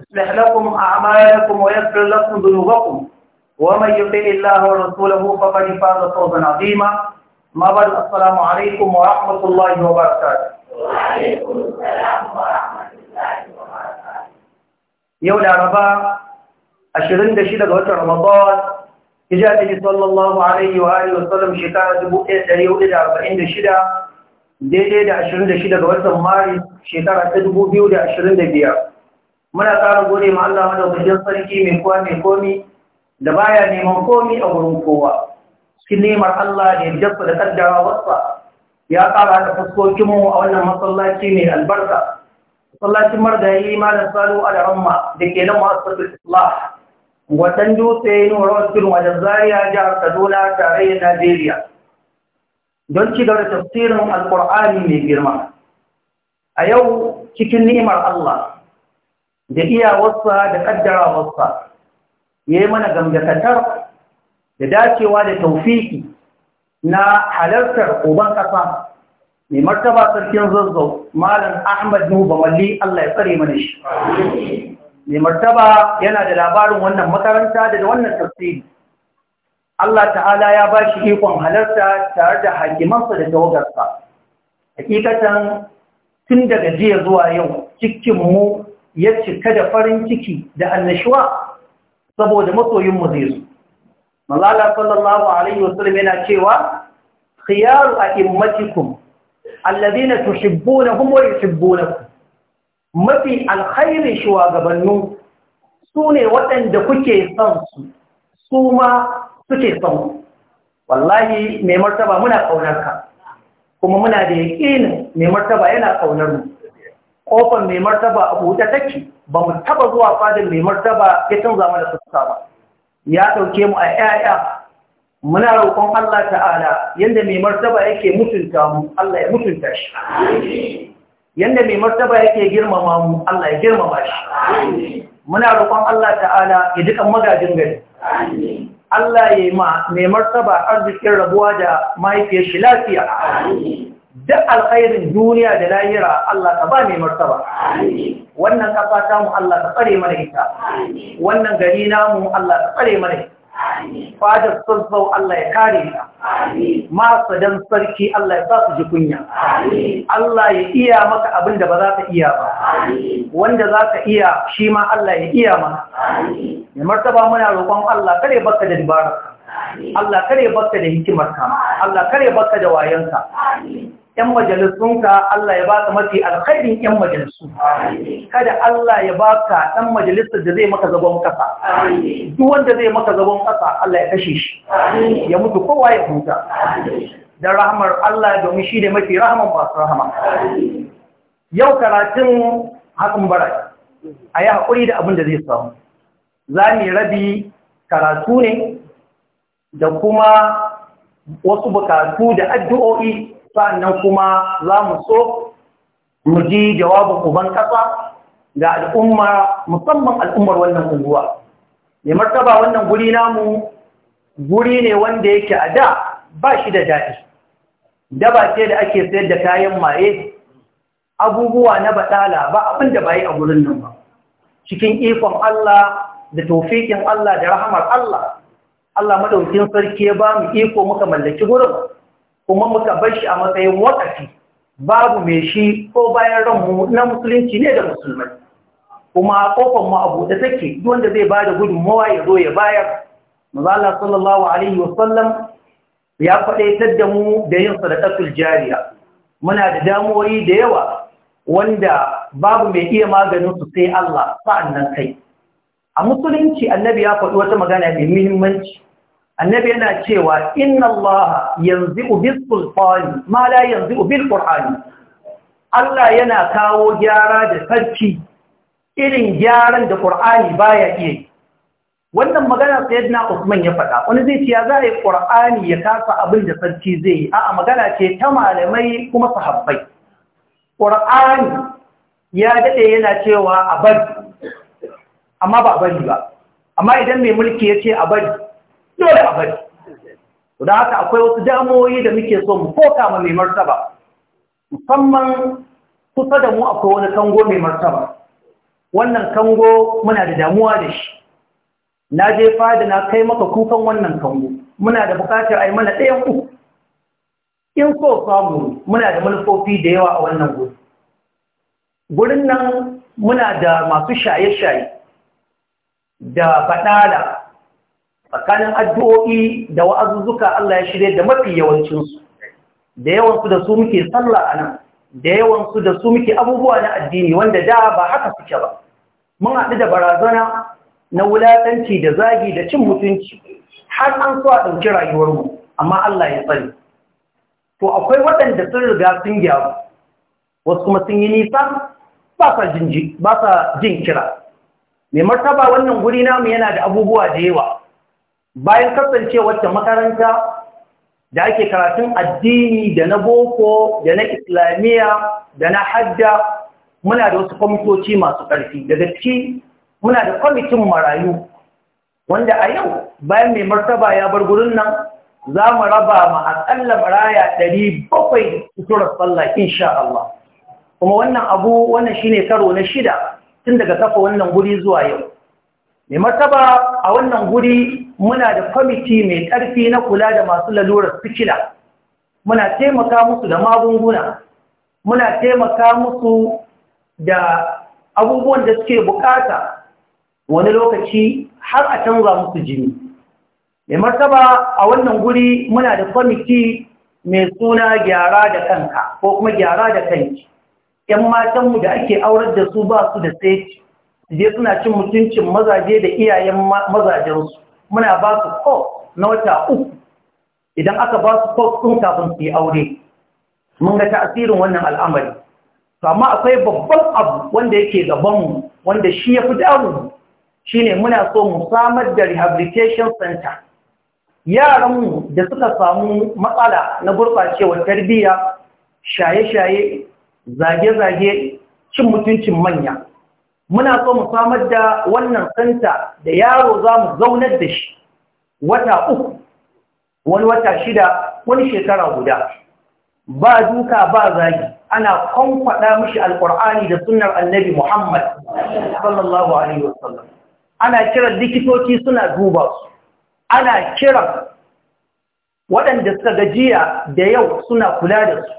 يصلح لكم أعمالكم ويغفر لكم ذنوبكم ومن يطع الله ورسوله فقد فاز فوزا عظيما ما بعد السلام عليكم ورحمة الله وبركاته وعليكم السلام ورحمة يوم العرفة أشرين دشيدة غوة رمضان إجاء النبي صلى الله عليه وآله وسلم شكارة بوكة تريو إذا أربعين دشيدة ديدي دي دي أشرين دشيدة غوة مارس شكارة تدبو بيو دي أشرين muna ƙara gode ma Allah madaukakin sarki mai kowa mai komi da baya neman komi a wurin kowa cikin nemar Allah da yadda da kaddara wasa ya ƙara da fuskokinmu a wannan masallaci mai albarka masallacin margayi malam salu alaramma da ke nan masu islah watan dutse nurawar film wajen zaria jihar kaduna tarayyar najeriya don ci gaba da tafsirin alkur'ani mai girma a yau cikin ni'imar allah da iyawarsa da ƙaddarawarsa ya yi mana gamdakatar da dacewa da taufiki na halartar uban ƙasa mai martaba sarkin zazzau malam ahmad nuba malli allah ya tsare mana shi mai martaba yana da labarin wannan makaranta da wannan tafsiri Allah ta'ala ya ba shi ikon halarta tare da hakimansa da tawagarsa hakikatan tun daga jiya zuwa yau cikin mu ya cika da farin ciki da annashuwa saboda masoyinmu zai zo. Malala sallallahu Alaihi wasallam yana cewa, Khiyaru a immatikum, allazi na na kuma yushibbo na ku, mafi alkhairin shugabannu su ne waɗanda kuke son su, su ma suke son ku. Wallahi mai martaba muna ƙaunar ka, kuma muna da yaƙinin mai martaba yana ƙaunar mu. kofar mai martaba a buɗe take ba mu taba zuwa fadin mai martaba ya canza mana fuska ba ya ɗauke mu a 'ya'ya muna roƙon Allah ta'ala yanda mai martaba yake mutunta mu Allah ya mutunta shi yanda mai martaba yake girmama mu Allah ya girmama shi muna roƙon Allah ta'ala ya dukan magajin gari Allah ya yi ma mai martaba arzikin rabuwa da mahaifiyar shi lafiya duk alkhairin duniya da lahira Allah ka ba mai martaba wannan kafa ta mu Allah ka tsare mana ita wannan gari namu Allah ka tsare mana ita fadar sassau Allah ya kare ta masu dan sarki Allah ya su ji kunya Allah ya iya maka abin da ba za ka iya ba wanda za ka iya shi ma Allah ya iya maka mai martaba muna roƙon Allah kare baka da dabararka Allah kare baka da hikimarka Allah kare baka da wayanka ‘yan majalisunka Allah ya baka mafi alkhairin ‘yan majalisu, kada Allah ya baka ɗan majalisa da zai maka zagon ƙasa, wanda zai maka zagon ƙasa Allah ya kashe shi, ya mutu kowa ya huta, da rahamar Allah domin shi ne mafi rahaman masu rahama. Yau karatun hakan bara, a yi haƙuri da abin da zai samu, za mu rabi karatu ne da kuma wasu bukatu da addu'o'i sannan kuma za mu so mu ji jawabin uban ƙasa ga al'umma musamman al'ummar wannan unguwa mai martaba wannan guri namu guri ne wanda yake a da ba shi da daɗi daba ce da ake sayar da kayan maye abubuwa na baɗala ba abin da ba yi a gurin nan ba cikin ikon Allah da tofikin Allah da rahamar Allah Allah maɗaukin sarki ya ba mu iko muka mallaki gurin kuma muka bar shi a matsayin wakafi babu mai shi ko bayan ranmu na musulunci ne da musulmai kuma kofar mu a buɗe take wanda zai ba da gudunmawa ya zo ya bayar mazala sallallahu alaihi wasallam ya faɗaitar da mu da yin sadaqatul jariya muna da damuwoyi da yawa wanda babu mai iya maganin su sai Allah sa'annan kai a musulunci annabi ya faɗi wata magana mai muhimmanci annabi yana cewa inna allaha yanzu bis sulfani ma la yanzu bil qur'ani Allah yana kawo gyara da sarki irin gyaran da qur'ani baya iya yi wannan magana sayyidina Usman ya faɗa wani zai ce ya za a yi qur'ani ya kasa abin da sarki zai yi a'a magana ce ta malamai kuma sahabbai qur'ani ya dade yana cewa a bari amma ba bari ba amma idan mai mulki ya ce a bari dole a bari da haka akwai wasu damoyi da muke so mu koka ma mai martaba musamman kusa da mu akwai wani kango mai martaba wannan kango muna da damuwa da shi na je fada na kai maka kukan wannan kango muna da bukatar a yi mana ɗayan uku in so samu muna da manufofi da yawa a wannan gudu gurin nan muna da masu shaye-shaye da faɗaɗa. tsakanin addu'o'i da wa'azuzzuka Allah ya shirya da mafi yawancinsu da yawansu da su muke sallah a nan da yawansu da su muke abubuwa na addini wanda da ba haka suke ba mun haɗu da barazana na wulatanci da zagi da cin mutunci har an so a ɗauki rayuwarmu amma Allah ya tsari. to akwai waɗanda sun riga sun gyaru wasu kuma sun yi nisa ba sa jin kira mai martaba wannan guri namu yana da abubuwa da yawa bayan kasancewar wacce makaranta da ake karatun addini da na boko da na islamiyya da na hadda muna da wasu kwamitoci masu ƙarfi daga ciki muna da kwamitin marayu wanda a yau bayan mai martaba ya bar gurin nan za mu raba ma aƙalla maraya ɗari bakwai suturar sallah insha Allah kuma wannan abu wannan shine karo na shida tun daga kafa wannan guri zuwa yau mai martaba a wannan guri muna da kwamiti mai ƙarfi na kula da masu lalurar sikila muna taimaka musu da magunguna muna taimaka musu da abubuwan da suke bukata wani lokaci har a canza musu jini mai martaba a wannan guri muna da kwamiti mai suna gyara da kanka ko kuma gyara da kanki ‘yan matanmu da ake aurar da su ba su da saiti suje suna cin mutuncin mazaje da iyayen mazajensu muna ba su ko na wata uku idan aka ba su ko sun kafin su yi aure mun ga tasirin wannan al'amari to amma akwai babban abu wanda yake gabanmu wanda shi ya fi damu shine muna so mu samar da rehabilitation center yaranmu da suka samu matsala na gurɓacewar tarbiyya shaye-shaye zage-zage cin mutuncin manya muna so mu samar da wannan santa da yaro za mu zaunar da shi wata uku wani wata shida wani shekara guda ba duka ba zagi ana kwankwada mishi alkur'ani da sunnar annabi muhammad sallallahu alaihi wasallam ana kiran likitoci suna duba su ana kiran waɗanda suka gajiya da yau suna kula da su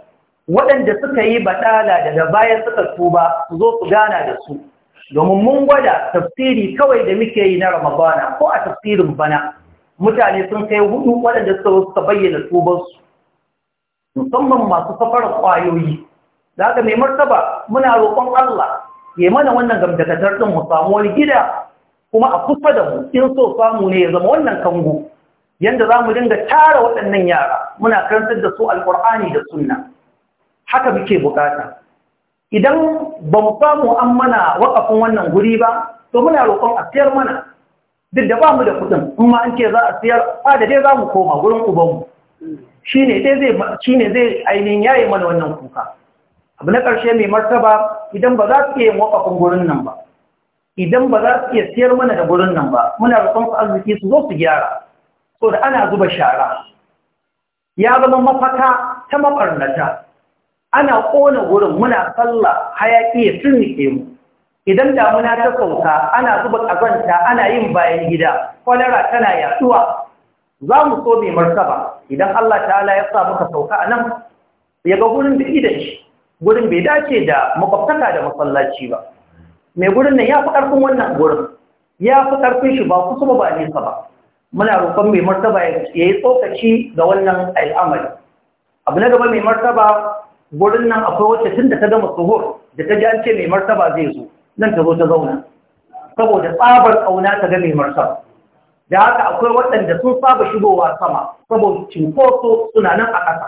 waɗanda suka yi baɗala daga bayan suka tuba su zo su gana da su domin mun gwada tafsiri kawai da muke yi na Ramabana ko a tafsirin bana mutane sun kai hudu waɗanda suka bayyana tubansu musamman masu safar ƙwayoyi da haka mai martaba muna roƙon Allah ya mana wannan gamdakatar ɗin mu samu wani gida kuma a kusa da mu in so samu ne ya zama wannan kango yanda za mu dinga tara waɗannan yara muna karantar da su alƙur'ani da sunna haka muke buƙata. idan ban samu an mana wakafin wannan guri ba to muna roƙon a siyar mana duk da ba mu da kuɗin in ma an ce za a siyar ba da dai za mu koma gurin ubanmu shi ne zai ainihin yayi mana wannan kuka abu na ƙarshe mai martaba idan ba za su iya yin wakafin gurin nan ba idan ba za su iya siyar mana da gurin nan ba muna roƙon su arziki su zo su gyara so ana zuba shara ya zama mafaka ta maɓarnata ana ƙona gurin muna sallah hayaƙi ya turnike mu idan damuna ta sauka ana zuba ƙazanta ana yin bayan gida kwalara tana yaduwa za mu so mai martaba idan Allah ta'ala ya sa muka sauka a nan ya ga gurin da idan shi gurin bai dace da makwabtaka da masallaci ba mai gurin nan ya fi ƙarfin wannan gurin ya fi ƙarfin shi ba kusa ba nesa ba muna roƙon mai martaba ya yi tsokaci ga wannan al'amari abu na gaba mai martaba gurin nan akwai wacce tun da ta gama tsohor da ta ji an ce mai martaba zai zo nan ta zo ta zauna saboda tsabar ƙauna ta ga mai martaba da haka akwai waɗanda sun saba shigowa sama saboda cinkoso suna nan a ƙasa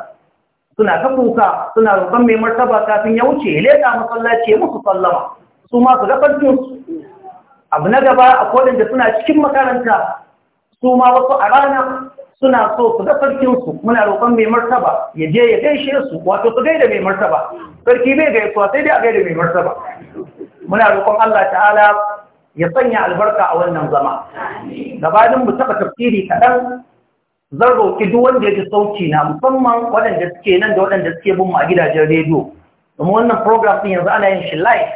suna ta kuka suna roƙon mai martaba kafin ya wuce ya leƙa masallaci ya musu sallama su ma su gafar abu na gaba akwai waɗanda suna cikin makaranta su ma wasu a rana suna so su ga sarkinsu muna roƙon mai martaba ya je ya gaishe su wato su gaida mai martaba sarki bai gaisuwa sai dai a gaida mai martaba muna roƙon Allah ta'ala ya sanya albarka a wannan zama gabanin mu taɓa tafsiri kaɗan zan roƙi duk wanda ya ji sauki na musamman waɗanda suke nan da waɗanda suke bin mu a gidajen rediyo domin wannan program ɗin yanzu ana yin shi live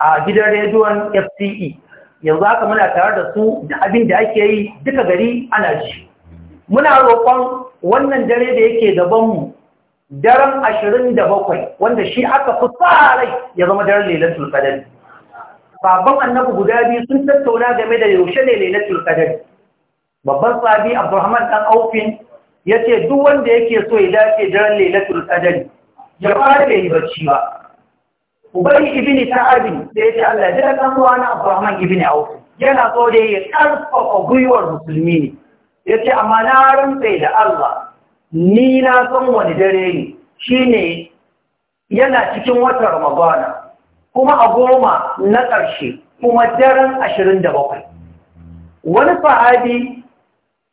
a gidan rediyon FCE yanzu haka muna tare da su da abin da ake yi duka gari ana ji muna roƙon wannan dare da yake gabanmu daren ashirin da bakwai wanda shi aka fi sa rai ya zama daren lailatul qadr babban annabi guda biyu sun tattauna game da yaushe ne lailatul qadr babban sahabi abdurrahman dan aufin yace duk wanda yake so ya dace daren lailatul qadr ya fara yi bacci ba ubay ibn ta'ab da yace Allah ya da kan na abdurrahman ibn auf yana so da ya karfafa gwiwar musulmi ne ya ce amma na rantse da Allah ni na san wani dare ne shi ne yana cikin watan ramadana kuma a goma na ƙarshe kuma daren ashirin da bakwai wani fahadi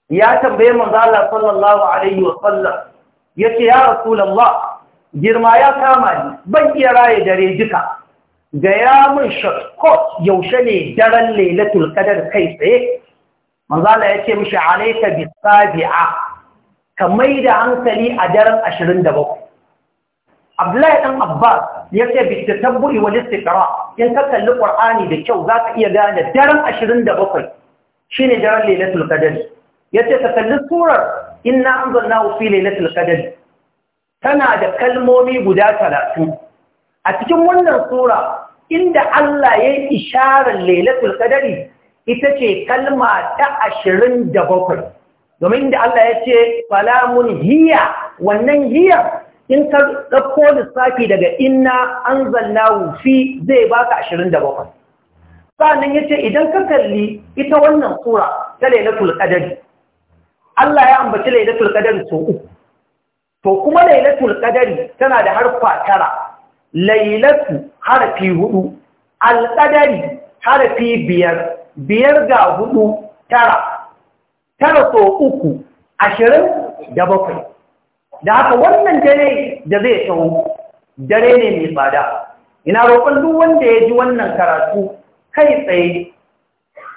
ya tambaye manzala sallallahu alaihi wasallam ya ce ya rasulallah girma ya kama ni ban iya raye dare duka ga ya min shortcut yaushe ne daren lailatul kadar kai tsaye manzala ya ce mishi alaika bi sabi'a ka da hankali a daren ashirin da bakwai abdullahi ɗan abbas ya ce bi ta tabburi wani in ka kalli ƙwar'ani da kyau za ka iya gane daren ashirin da bakwai daren lailatul kadari ya ce ka kalli surar inna an zanna lailatul kadari tana da kalmomi guda talatin a cikin wannan sura inda Allah ya yi isharar lailatul kadari ita ce kalma ta ashirin da bakwai domin da Allah ya ce falamun hiya wannan hiyar in ka ɗauko lissafi daga inna an zanna wufi zai baka ashirin da bakwai sa'annan ya ce idan ka kalli ita wannan sura ta lailatul qadari Allah ya ambaci lailatul qadari so uku to kuma lailatul qadari tana da harfa tara lailatu harfi hudu alqadari harfi biyar biyar ga hudu tara tara so uku ashirin da bakwai da haka wannan dare da zai tsawo dare ne mai tsada ina roƙon duk wanda ya ji wannan karatu kai tsaye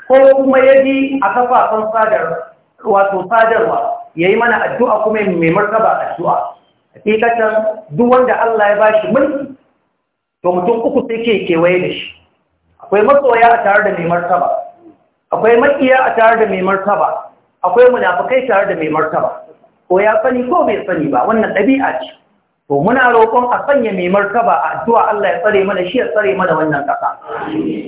ko kuma ya ji a kafafen sadar wato sadarwa ya yi mana addu'a kuma mai martaba addu'a A hakikatan duk wanda Allah ya ba shi mulki to mutum uku sai ke kewaye da shi akwai matsoya a tare da mai martaba akwai makiya a tare da mai martaba akwai munafikai tare da mai martaba ko ya sani ko bai sani ba wannan ɗabi'a ce to muna roƙon a sanya mai martaba a addu'a Allah ya tsare mana shi ya tsare mana wannan ƙasa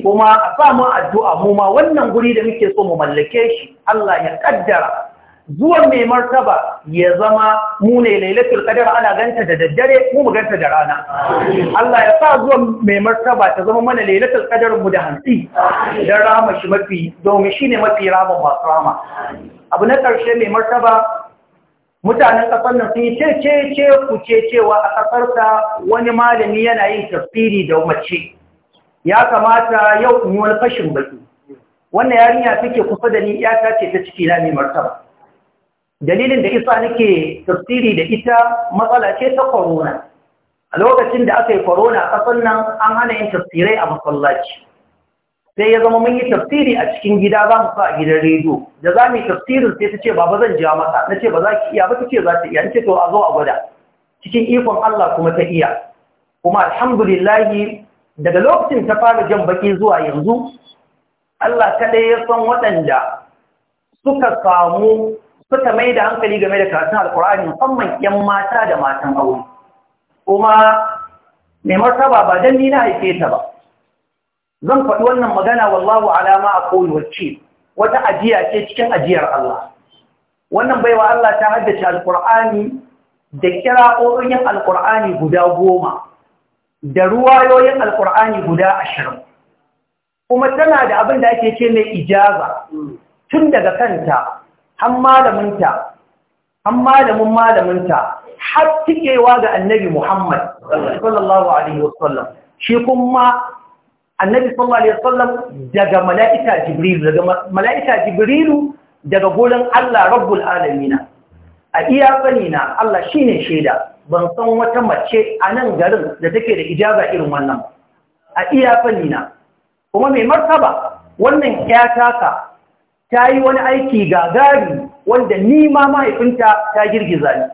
kuma a sa mu addu'a mu ma wannan guri da muke so mu mallake shi Allah ya kaddara zuwan mai martaba ya zama mu ne lailatul qadar ana ganta da daddare mu mu ganta da rana Allah ya sa zuwan mai martaba ta zama mana lailatul qadar mu da hanti dan rama shi mafi domin shine mafi rama ba rama abu na karshe mai martaba mutanen kasar nan sun yi ce ce ce ku ce cewa a ta wani malami yana yin tafsiri da mace ya kamata yau in yi wani fashin baki wannan yarinya take kusa da ni iyata ce ta ciki na mai martaba dalilin da isa nake tafsiri da ita matsala ce ta corona a lokacin da aka yi corona kasan nan an hana yin tafsirai a masallaci sai ya zama mun yi tafsiri a cikin gida za mu sa a gidan rediyo da za mu yi tafsirin sai ta ce ba zan ja masa na ce ba za ki iya ba ta ce za ta iya ce to a zo a gwada cikin ikon Allah kuma ta iya kuma alhamdulillahi daga lokacin ta fara jan baki zuwa yanzu Allah kaɗai ya san waɗanda suka samu suka mai da hankali game da karatun alkur'ani musamman yan mata da matan aure kuma mai martaba ba don ni na haife ta ba zan faɗi wannan magana wallahu alama a kowace wata ajiya ce cikin ajiyar Allah wannan baiwa Allah ta haddace alkur'ani da kira'o'in alkur'ani guda goma da ruwayoyin alkur'ani guda ashirin kuma tana da abin da ake ce mai ijaza tun daga kanta An malaminta malamin malaminta har tikewa ga annabi Muhammad sallallahu alaihi wasallam shi kuma annabi sallallahu alaihi wasallam daga mala'ika jibrilu daga mala'ika jibrilu daga gurin Allah rabbul alamin a iya sani na Allah shine shaida ban san wata mace a nan garin da take da ijaza irin wannan a iya sani na kuma mai martaba wannan ya taka ta yi wani aiki gagari wanda ni ma mahaifinta ta girgiza ni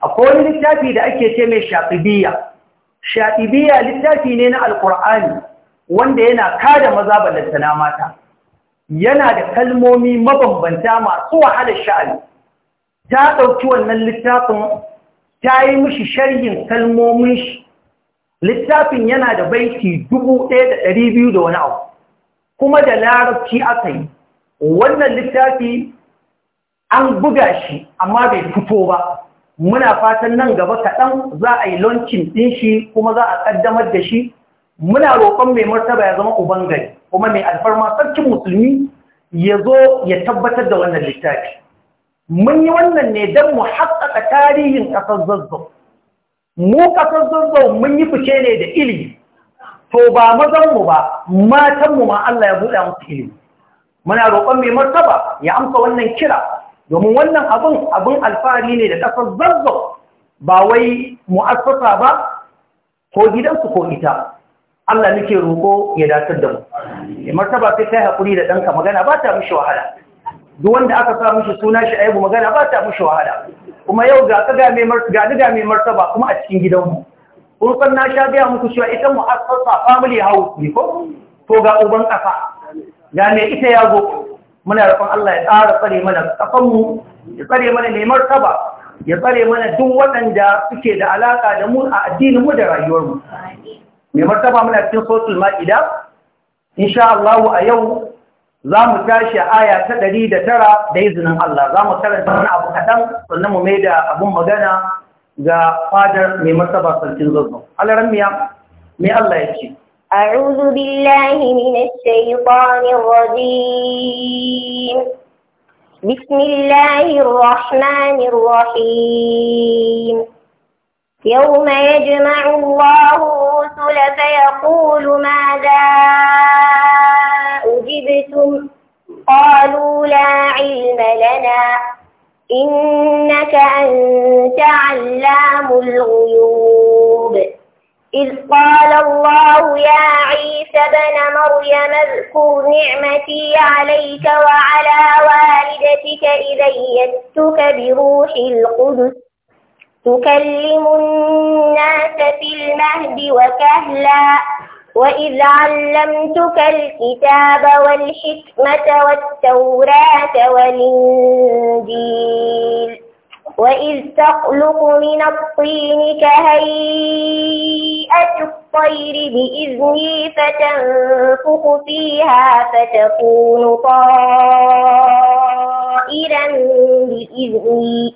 akwai wani littafi da ake ce mai shafibiya shafibiya littafi ne na alkur'ani wanda yana kada maza ballantana mata yana da kalmomi mabambanta masu wahalar sha'ani ta ɗauki wannan littafin ta yi mishi sharhin kalmomin shi littafin yana da baiti dubu ɗaya da ɗari biyu da wani abu kuma da larabci aka yi wannan littafi an buga shi amma bai fito ba muna fatan nan gaba kaɗan za a yi launching ɗin shi kuma za a ƙaddamar da shi muna roƙon mai martaba ya zama uban gari kuma mai alfarma sarkin musulmi ya zo ya tabbatar da wannan littafi mun yi wannan ne don mu haƙaƙa tarihin ƙasar zazzau mu ƙasar zazzau mun yi fice ne da ilimi to ba mazanmu ba matanmu ma Allah ya buɗa musu ilimi muna roƙon mai martaba ya amsa wannan kira domin wannan abin abin alfahari ne da ƙasar zazzau ba wai mu'assasa ba ko gidansu ko ita Allah muke roƙo ya datar da mu mai martaba sai kai haƙuri da ɗanka magana ba ta mishi wahala duk wanda aka sa mishi suna shi aibu magana ba ta mishi wahala kuma yau ga ka ga mai martaba kuma a cikin gidanmu kun san na sha gaya muku cewa ita mu'assasa family house ne ko to ga uban ƙasa ga ita ya zo muna rafin Allah ya tsara tsare mana kafanmu ya tsare mana neman martaba ya tsare mana duk waɗanda suke da alaƙa da mu a addininmu da rayuwarmu mai martaba muna cikin sotul ma'ida insha Allah a yau za mu tashi aya ta ɗari da tara da izinin Allah za mu karanta wani abu kaɗan sannan mu mai da abin magana ga fadar mai martaba sarkin zazzau alaramiya miya mai Allah ya ce أعوذ بالله من الشيطان الرجيم بسم الله الرحمن الرحيم يوم يجمع الله الرسل فيقول ماذا أجبتم قالوا لا علم لنا إنك أنت علام الغيوب إذ قال الله يا عيسى بن مريم اذكر نعمتي عليك وعلى والدتك إذ يدتك بروح القدس تكلم الناس في المهد وكهلا وإذ علمتك الكتاب والحكمة والتوراة والإنجيل وإذ تخلق من الطين كهيئة الطير بإذني فتنفخ فيها فتكون طائرا بإذني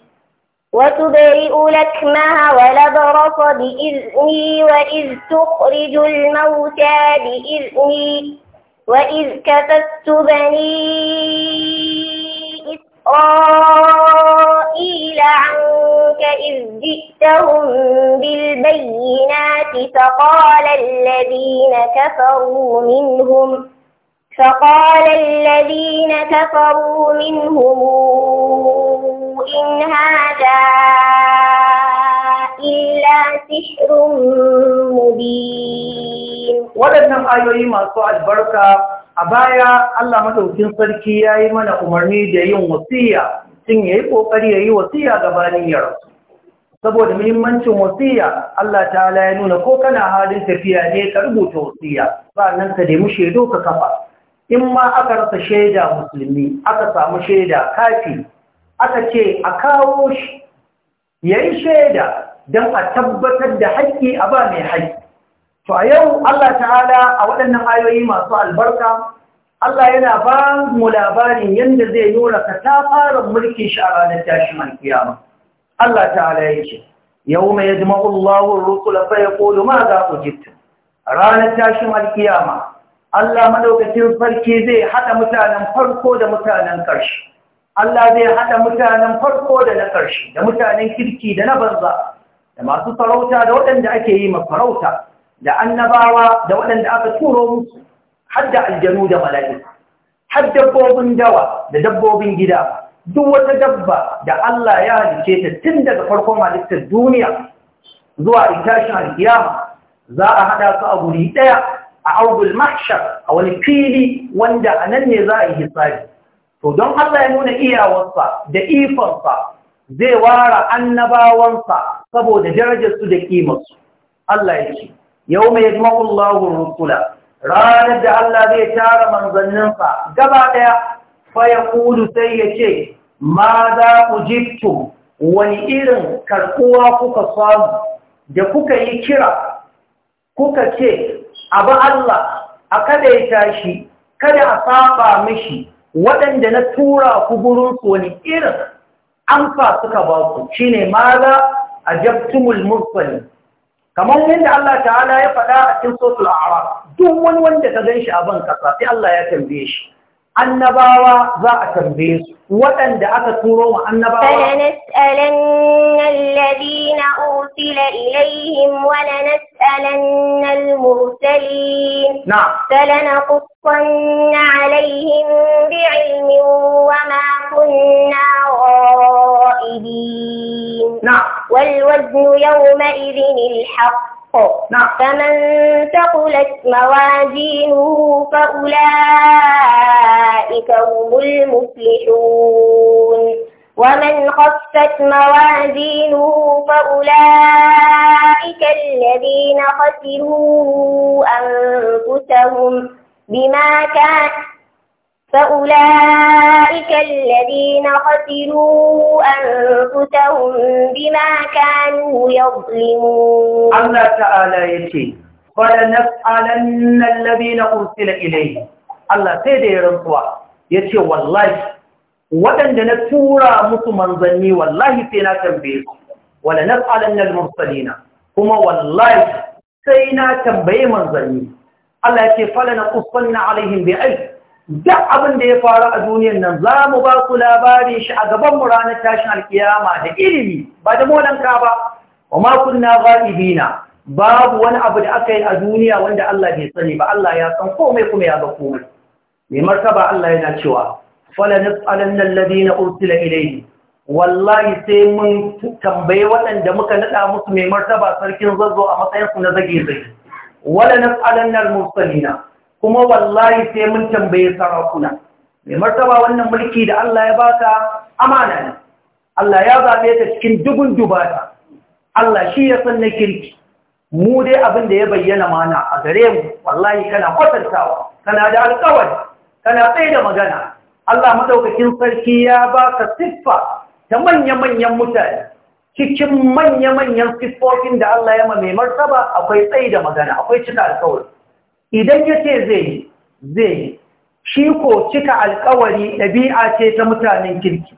وتبرئ لكمها ولبرص بإذني وإذ تخرج الموتى بإذني وإذ كففت بني إسرائيل عنك إذ جئتهم بالبينات فقال الذين كفروا منهم فقال الذين كفروا منهم إن هذا إلا سحر مبين ولدنا آيوي ما سؤال بركة a baya Allah madaukin sarki ya yi mana umarni da yin wasiya tun ya yi ƙoƙari ya yi wasiya gabanin ya saboda muhimmancin wasiya Allah ta'ala ya nuna ko kana halin tafiya ne ka rubuta wasiya nan ka nemi shaido ka kafa in ma aka rasa shaida musulmi aka samu shaida kafi aka ce a kawo shi yayi shaida don a tabbatar da haƙƙi a ba mai haƙƙi To a yau Allah ta'ala a waɗannan ayoyi masu albarka, Allah yana ba mu labarin yadda zai nuna ka ta fara mulkin shi a ranar tashin alkiyama. Allah ta'ala ya ce, Yau mai ya jima Allahun fa ya kolo ma za ku jita. Ranar tashin alkiyama, Allah maɗaukacin farki zai haɗa mutanen farko da mutanen ƙarshe. Allah zai haɗa mutanen farko da na ƙarshe, da mutanen kirki da na banza, da masu farauta da waɗanda ake yi ma farauta. da annabawa da waɗanda aka turo musu har da aljanu da mala'iku har dabbobin dawa da dabbobin gida duk wata dabba da Allah ya halice ta tun daga farkon halittar duniya zuwa intashin alkiyama za a haɗa su a guri ɗaya a augul mahshar a wani fili wanda a nan ne za a yi hisabi to don Allah ya nuna iyawarsa da ifarsa zai wara annabawansa saboda darajarsu da ƙimarsu Allah ya ce yau mai jima'ul lahun rukula ranar da Allah zai tara manzanninsa gaba ɗaya faya kudu sai ya ce ma za ku jiftu wani irin karkuwa kuka samu da kuka yi kira kuka ce abu Allah a kada ya tashi kada a saba mishi waɗanda na tura ku gurinsu wani irin amsa suka ba ku shine ma za a jabtumul mursalin kamar yadda Allah ta'ala ya faɗa a cikin sotul a'raf duk wani wanda ka gan shi a ban kasa sai Allah ya tambaye shi annabawa za a tambaye su waɗanda aka turo wa annabawa فلنسألن الذين أرسل إليهم ولنسألن المرسلين نعم فلنقصن عليهم بعلم وما كنا غائبين نعم والوزن يومئذ الحق فمن ثقلت موازينه فأولئك هم المفلحون ومن خفت موازينه فأولئك الذين خسروا أنفسهم بما كانوا فأولئك الذين خسروا أنفسهم بما كانوا يظلمون الله تعالى يتي فلنسألن الذين أرسل إليه الله سيدي رنطوة يتي والله waɗanda na tura musu manzanni wallahi sai na tambaye su wala nas'alanna al-mursalina kuma wallahi sai na tambaye manzanni Allah ya ce fala na alaihim bi'ilm duk abin da ya faru a duniyan nan za mu ba ku labarin shi a gaban mu ranar tashin alkiyama da ilimi ba da molanka ba wa ma kunna ghaibina babu wani abu da aka yi a duniya wanda Allah bai sani ba Allah ya san komai kuma ya ga komai mai martaba Allah yana cewa fala nas'alanna alladhina ursila ilayhi wallahi sai mun tambaye waɗanda muka nada musu mai martaba sarkin zazzo a matsayin su na zage zage wala nas'alanna al-mursalina kuma wallahi sai mun tambaye sarakuna mai martaba wannan mulki da Allah ya baka amana ne Allah ya zaɓe ta cikin dubun dubata Allah shi ya san na kirki mu dai abin da ya bayyana mana a gare mu wallahi kana kwatantawa kana da alƙawari kana tsaye da magana Allah madaukakin sarki ya baka siffa ta manya-manyan mutane cikin manya-manyan siffofin da Allah ya ma mai martaba akwai tsaye da magana akwai cika alƙawari idan ya ce zai zai shi ko cika alkawari ɗabi'a ce ta mutanen kirki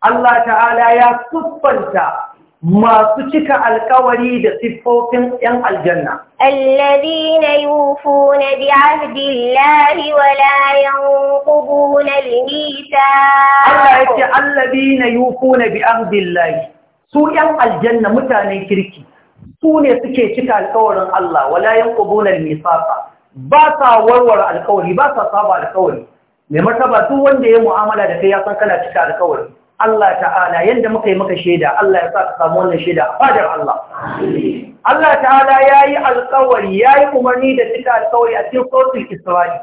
Allah ta'ala ya siffanta masu cika alkawari da siffofin 'yan aljanna. Allazi na yufu na bi Allahi wa la yanqudu na limita. Allah ya ce allazi na yufu na bi Allahi su 'yan aljanna mutanen kirki su ne suke cika alkawarin Allah wa la yanqudu na limita ba sa warware alkawari ba sa saba alkawari mai martaba duk wanda ya mu'amala da kai ya san kana cika alkawari Allah ta'ala yanda muka yi maka shaida Allah ya sa ka samu wannan shaida a fadar Allah Allah ta'ala yayi alkawari yayi umarni da cika alkawari a cikin sautul Isra'i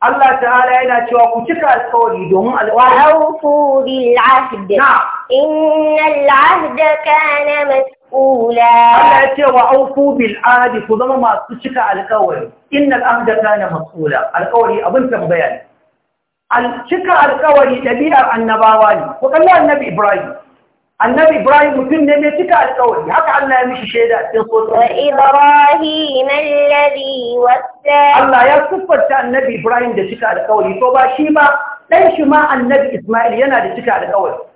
Allah ta'ala yana cewa ku cika alkawari domin alwa'u bil ahd inna al ahda kana ula Allah ya ce wa auku bil adi ku zama masu cika alƙawari innal amda kana mas'ula alƙawari abin tambaya ne al cika alƙawari dabi'ar annabawa ne ko kallan annabi Ibrahim annabi Ibrahim mutum ne mai cika alƙawari haka Allah ya mishi shaida a cikin sura wa Ibrahim alladhi wasta Allah ya siffanta annabi Ibrahim da cika alƙawari to ba shi ba dan ma annabi Isma'il yana da cika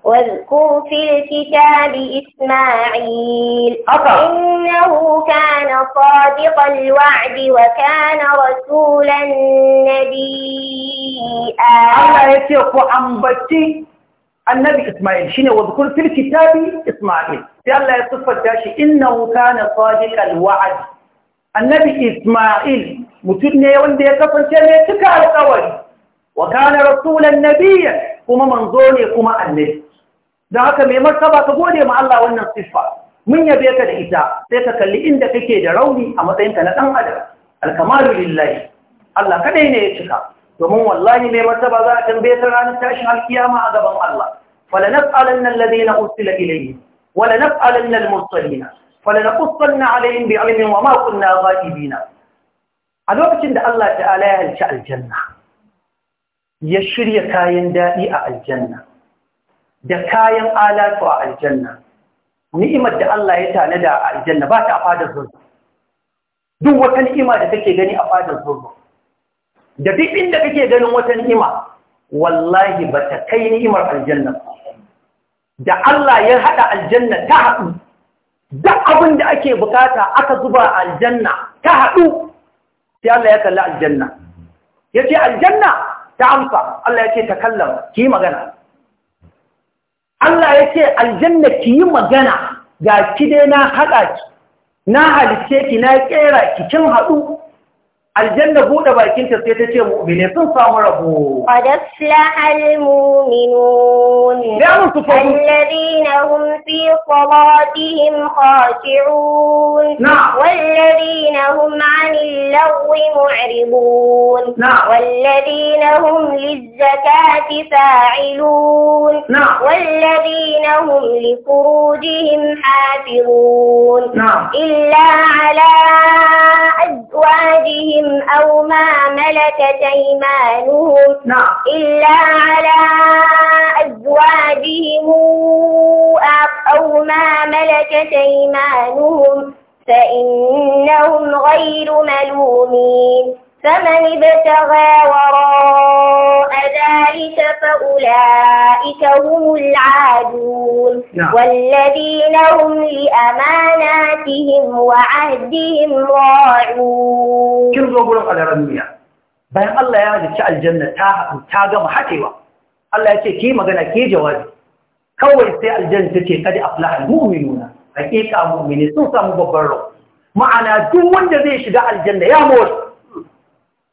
واذكر في الكتاب إسماعيل إنه كان صادق الوعد وكان رسولا نبيا الله يتيق أنبتي النبي إسماعيل شنو واذكر في الكتاب إسماعيل يا يصف داشي إنه كان صادق الوعد النبي إسماعيل يا وندي يتصل شنو تكا القول wa kana rasulan nabiyya kuma manzo ne kuma annabi da haka mai martaba ka gode ma Allah wannan siffa mun yabe ka da ita sai ka kalli inda kake da rauni a matsayinka na dan adam alkamalu lillahi Allah kadai ne ya cika domin wallahi mai martaba za a tambaye ta ranar tashin alkiyama a gaban Allah fala nas'alanna alladhina ursila ilayhi wala nas'alanna al fala naqussanna alayhim bi'ilmin wa ma kunna ghaibina a lokacin da Allah ta'ala ya halci aljanna ya shirya kayan daɗi a aljanna da kayan alatu a aljanna ni'imar da Allah ya tanada a aljanna ba ta a fadar zurba duk wata ni'ima da kake gani a fadar zurba da duk inda kake ganin wata ni'ima wallahi ba ta kai ni'imar aljanna da Allah ya haɗa aljanna ta haɗu duk abin da ake bukata aka zuba aljanna ta haɗu sai Allah ya kalli aljanna ya ce aljanna ta amsa Allah ya ce ta kallama ki yi magana Allah ya ce aljanna ki yi magana ga ki dai na haɗa ki na halice ki na ƙera ki kin haɗu aljanna bude bakinta sai ta ce mu'mine sun samu rabo qad aflaha almu'minun da su fa alladhina hum fi salatihim khashi'un walladhina hum 'anil lagwi mu'ridun walladhina hum liz-zakati fa'ilun walladhina hum li furujihim hafizun illa 'ala azwajihim أو ما ملكت أيمانهم نعم. إلا على أزواجهم أو ما ملكت أيمانهم فإنهم غير ملومين فمن ابتغى وراء ذلك فأولئك هم العادون نعم. والذين هم لأماناتهم وعهدهم راعون كيف زوجون على الرمية؟ بين الله يعزك الجنة تاقم حكيوة الله يتي كي مغنى كي جواز كوي سي الجنة تي قد أفلح المؤمنون حقيقة مؤمنين سوسا مببرون معنا دون جزيش دا الجنة يا موسى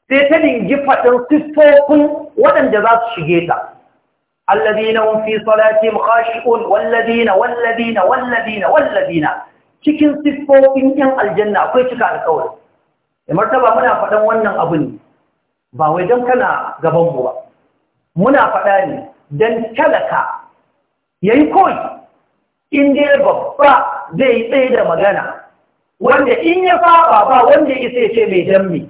sai ta dingi faɗin siffofin waɗanda za su shige ta alladina hum fi salatihim khashi'un walladina walladina walladina walladina cikin siffofin yan aljanna akwai cika alƙawari da martaba muna faɗan wannan abu ne ba wai don kana gaban mu ba muna faɗa ne don talaka yi koyi in dai babba zai tsaye da magana wanda in ya faɓa ba wanda isa ya ce mai dammi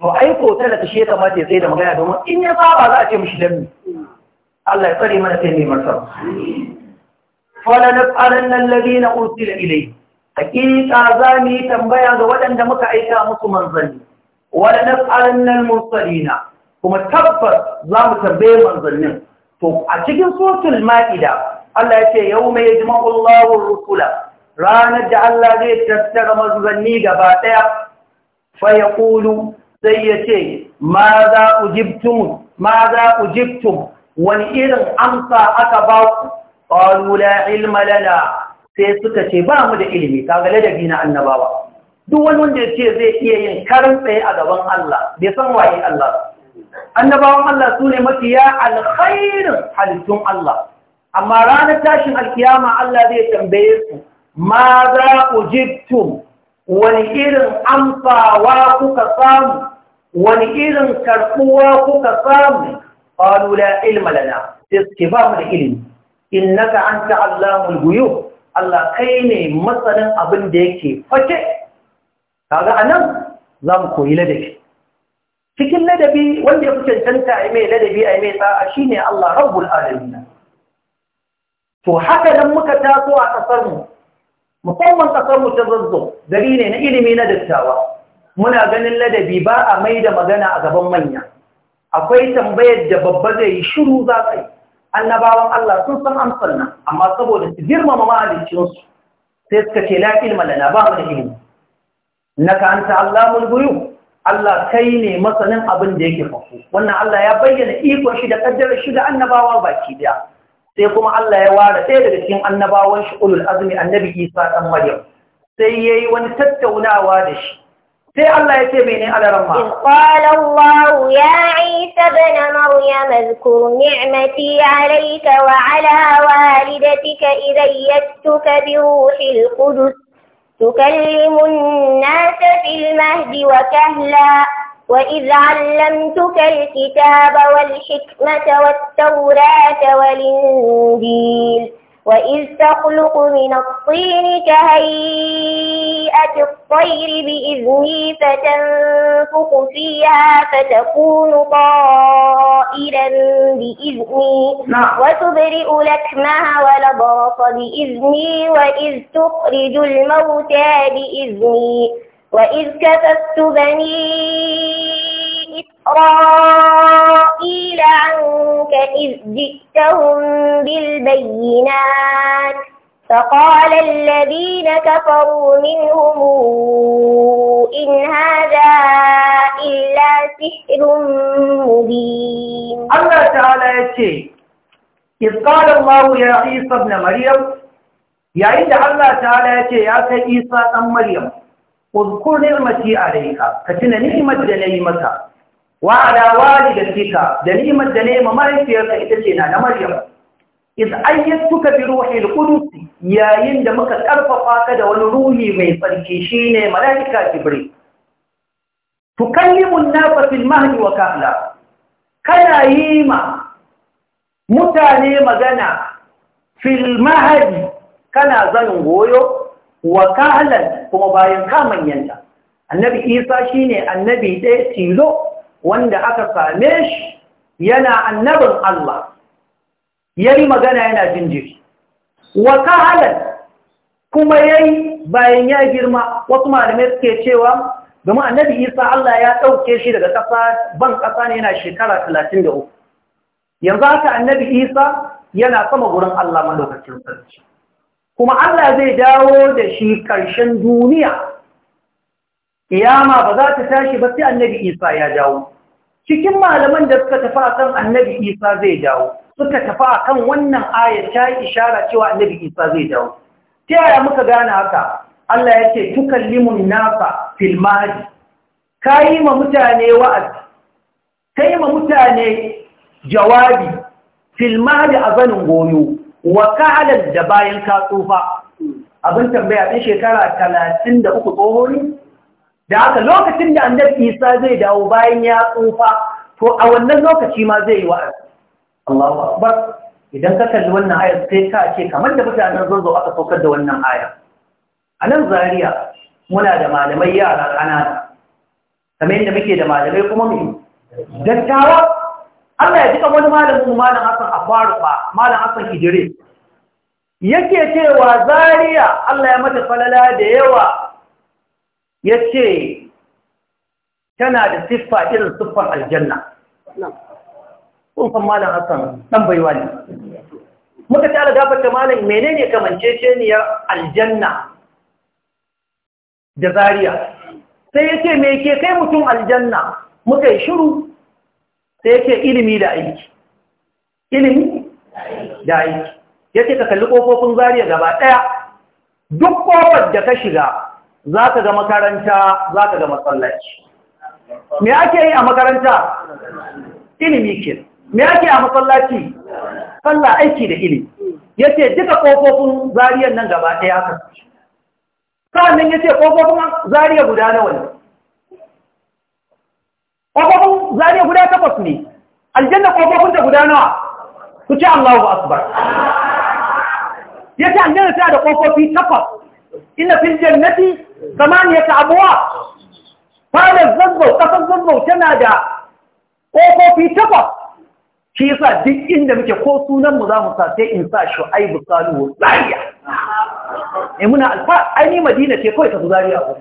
to ai ko talaka shi ya kamata ya tsaye da magana domin in ya saba za a ce mishi dan Allah ya tsare mana sai ne martaba na nas'alan alladhina ursila ilayhi hakika za mu yi tambaya ga waɗanda muka aika musu manzanni wala nas'alan al-mursalina kuma tabbas za mu tambaye manzannin to a cikin sosul ma'ida Allah ya ce yau mai jima'u Allahun ranar da Allah zai tattara manzanni gaba ɗaya fa ya ƙulu sai ya ce ma za ujibtum ma za ujibtum wani irin amsa aka ba ku qalu la ilma lana sai suka ce ba mu da ilimi kaga ladabi na annabawa duk wani wanda ya ce zai iya yin karin tsaye a gaban Allah bai san waye Allah annabawan Allah su ne mafiya alkhairin halittun Allah amma ranar tashin alkiyama Allah zai tambaye su ma za ujibtum wani irin amfawa kuka samu wani irin karɓuwa kuka samu Falula la ilma lana ba mu da ilimi innaka anta allamul ghuyub Allah kai ne masanin abin da yake fake kaga anan za mu koyi ladabi cikin ladabi wanda ya fi cancanta a mai ladabi a mai sa'a shine Allah rabbul alamin to haka nan muka taso a ƙasarmu. mu musamman kasar mu ta zazzo gari ne na ilimi na dattawa muna ganin ladabi ba a mai da magana a gaban manya akwai tambayar da babba zai yi shiru za ka yi annabawan Allah sun san amsar nan amma saboda su girmama mahaliccinsu sai suka ce la ilma lana ba mu da ilimi naka anta allamul ghuyub Allah kai ne masanin abin da yake faku wannan Allah ya bayyana ikon shi da kaddarar shi da annabawa baki daya sai kuma Allah ya ware sai daga cikin annabawan shi ulul azumi annabi Isa ɗan Maryam sai yayi wani tattaunawa da shi sai Allah ya ce mene alaran ramma. qala Allah ya Isa ibn Maryam azkur ni'mati alayka wa ala walidatika idayatuka bi ruhil qudus تكلم الناس في المهد وكهلا وإذ علمتك الكتاب والحكمة والتوراة والإنجيل وإذ تخلق من الطين كهيئة الطير بإذني فتنفق فيها فتكون طائرا بإذني نعم. وتبرئ لكمها ولبرص بإذني وإذ تخرج الموتى بإذني وإذ كففت بني إسرائيل عنك إذ جئتهم بالبينات فقال الذين كفروا منهم إن هذا إلا سحر مبين الله تعالى يتشي إذ قال الله يا عيسى ابن مريم يا عند الله تعالى يتشي يا عيسى ابن مريم uzkur ni'mati alayka ka tuna ni'mat da nayi maka wa ala walidatika da ni'mat da nayi ma mahaifiyarka ita ce na na maryam iz ayyatuka bi ruhil qudus yayin da muka karfafa ka da wani ruhi mai tsarki shine malaika jibril tukallimun nasa fil mahdi wa kahla kana yi ma mutane magana fil mahdi kana zan goyo wa kahlan kuma bayan ka manyanta annabi isa shine annabi ɗaya tilo wanda aka same shi yana annabin Allah yayi magana yana jinjiri wa kahalan kuma yayi bayan ya girma wasu malamai suke cewa domin annabi isa Allah ya ɗauke shi daga ƙasa ban ƙasa ne yana shekara talatin da uku. yanzu haka annabi isa yana sama gurin Allah madaukakin sarki kuma Allah zai dawo da shi ƙarshen duniya Iyama ba za ta tashi ba sai annabi isa ya dawo cikin malaman da suka tafi akan annabi isa zai dawo suka tafi akan wannan ayar ta yi ishara cewa annabi isa zai dawo ta yaya muka gane haka Allah ya ce tukallimun nasa fil Ka kayi ma mutane wa'azi yi ma mutane jawabi filmari a zanin goyo wa ka'alar da bayan ka tsufa abin tambaya ɗin shekara talatin da uku tsoho da aka lokacin da annabi isa zai dawo bayan ya tsufa to a wannan lokaci ma zai yi wa'azi Allahu akbar idan ka kalli wannan ayar sai ka ce kamar da mutanen zanzo aka saukar da wannan aya. a nan zaria muna da malamai yara ƙanana kamar yadda muke da malamai kuma mu dattawa Allah ya jika wani malamin malam Hassan Abbaru ba malam Hassan Hijire yake cewa Zariya Allah ya mata falala da yawa yace tana da siffa irin siffar aljanna kun san malam Hassan dan baiwa ne muka tara gafarta malam menene kamanceceniyar aljanna da Zariya sai yace me ke kai mutum aljanna muka yi shiru sai yake ilimi da aiki ilimi da aiki ya ce ka kalli ƙofofin zariya gaba ɗaya duk ƙofar da ka shiga za ka ga makaranta za ka ga matsalaci me ake yi a makaranta ilimi ke me ake a matsalaci sallah aiki da ilimi ya ce duka ƙofofin Zariya nan gaba ɗaya ka sa'annan ya ce ƙofofin zariya guda na wani. ƙofofin zariya guda takwas ne aljanna ƙofofin da guda nawa ku ce Allahu akbar yace aljanna tana da ƙofofi takwas inna fil jannati samaniyata abwa fadar zazzau ƙasar zazzau tana da ƙofofi takwas shi sa duk inda muke ko sunanmu za mu sa sai in sa shu'aibu salihu zariya eh muna alfa ai ni madina ce kawai ta zariya a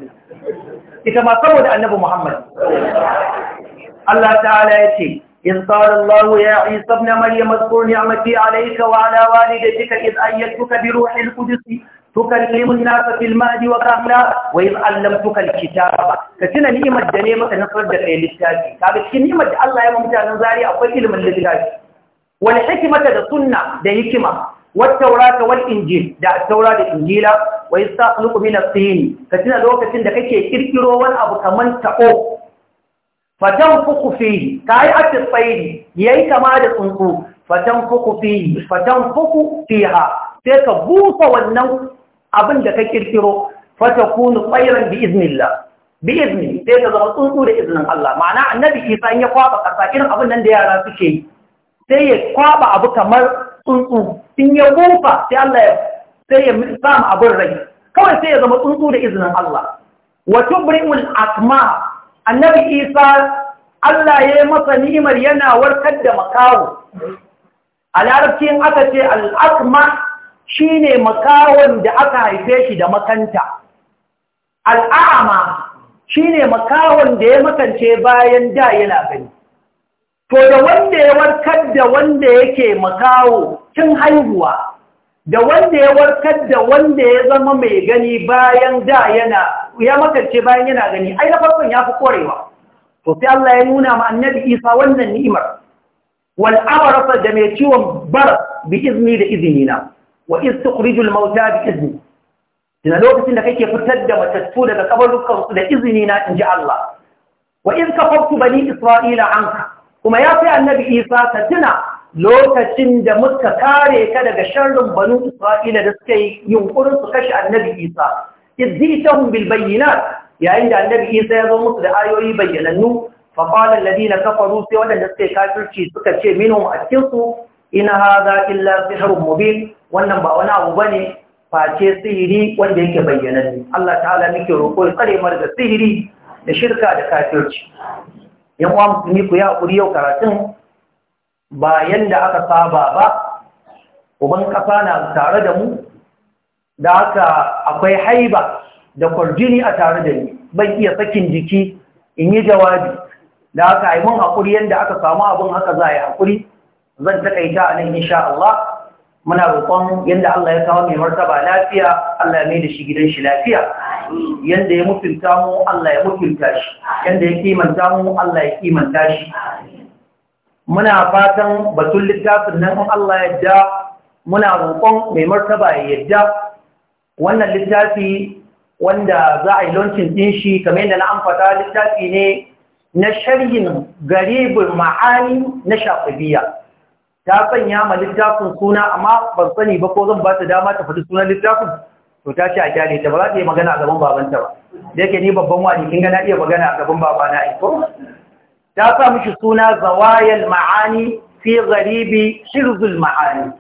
ita saboda annabi Muhammad. Allah ta'ala ya ce, In sauran ya yi sabna Maryam azkur ni'amati alayka wa ala walidatika idh ayyadtuka bi ruhil qudus tukallimu an-nasa fil wa kahla wa idh 'allamtuka al-kitaba. Ka tuna ni'imar da ne maka na farda kai littafi. Ka cikin ni'imar da Allah ya mutanen zari akwai ilimin littafi. Wal hikmata da sunna da hikima والتوراة والإنجيل دا التوراة والإنجيل ويستخلق من الطين كتنا لوكا تندك كي كيركرو وان أبو كمان تقو فتنفق فيه كاي أتي الطير يأي كما دا تنفق فتنفق فيه فتنفق فيها تيك بوصة والنو أبن دا كيركرو فتكون طيرا بإذن الله بإذن تيك زغل تنفق بإذن الله معنى النبي كيسا إن يقوى بقصة إن أبن دا يارا سكي تيك قوى أبو كمان تنفق in ya kofa sai Allah ya sai ya samu abin rai kawai sai ya zama tsuntsu da izinin Allah wa tubri'ul akma annabi Isa Allah ya yi masa ni'imar yana warkar da makawo a in aka ce al'akma shine makawon da aka haife shi da makanta al'ama shine makawon da ya makance bayan da yana gani to da wanda ya warkar da wanda yake makawo Cin haihuwa da wanda ya warkar da wanda ya zama mai gani bayan da yana ya makarce bayan yana gani ai na farkon ya fi korewa to sai Allah ya nuna ma annabi Isa wannan ni'imar wal da mai ciwon bar bi izni da izinina wa iz tukhrijul mauta bi izni Ina lokacin da kake fitar da matattu daga kabarukansu da izini na inji Allah. Wa in kafartu bani Isra'ila anka, kuma ya fi annabi Isa ka tuna lokacin da muka kare ka daga sharrin banu Isra'ila da suka yi yunkurin su kashe annabi Isa, izditahum bil bayyinat yayin da annabi Isa ya zo musu da ayoyi bayyanannu, fa qala alladhina kafaru sai wadanda suka kafirci suka ce minhum akinsu ina hadha illa sihrun mubin wannan ba wani abu bane face sihiri wanda yake bayyanannu. Allah ta'ala muke roƙo ya tsare mu daga sihiri da shirka da kafirci. Yan uwa musulmi ku ya yau karatun ba yanda aka saba ba uban ƙasa na tare da mu da haka akwai haiba da kwarjini a tare da ni ban iya sakin jiki in yi jawabi da haka haimun mun haƙuri yanda aka samu abin haka za a yi haƙuri zan taƙaita a nan insha Allah muna roƙon yanda Allah ya kawo mai martaba lafiya Allah ya mai da shi gidan shi lafiya yanda ya mutunta mu Allah ya mutunta shi yadda ya kimanta mu Allah ya kimanta shi muna fatan batun littafin nan in Allah ya ja muna roƙon mai martaba ya yadda wannan littafi wanda za a yi launcin ɗin shi kamar yadda na amfata littafi ne na sharhin garibin ma'ani na shafabiya ta sanya ma littafin suna amma ban sani ba ko zan ba ta dama ta faɗi sunan littafin to ta ce a kyale ta ba za ta yi magana a gaban babanta ba da yake ni babban wani kin ga iya magana a gaban babana a ko ta sa mishi suna zawayal ma'ani fi garibi shirzul ma'ani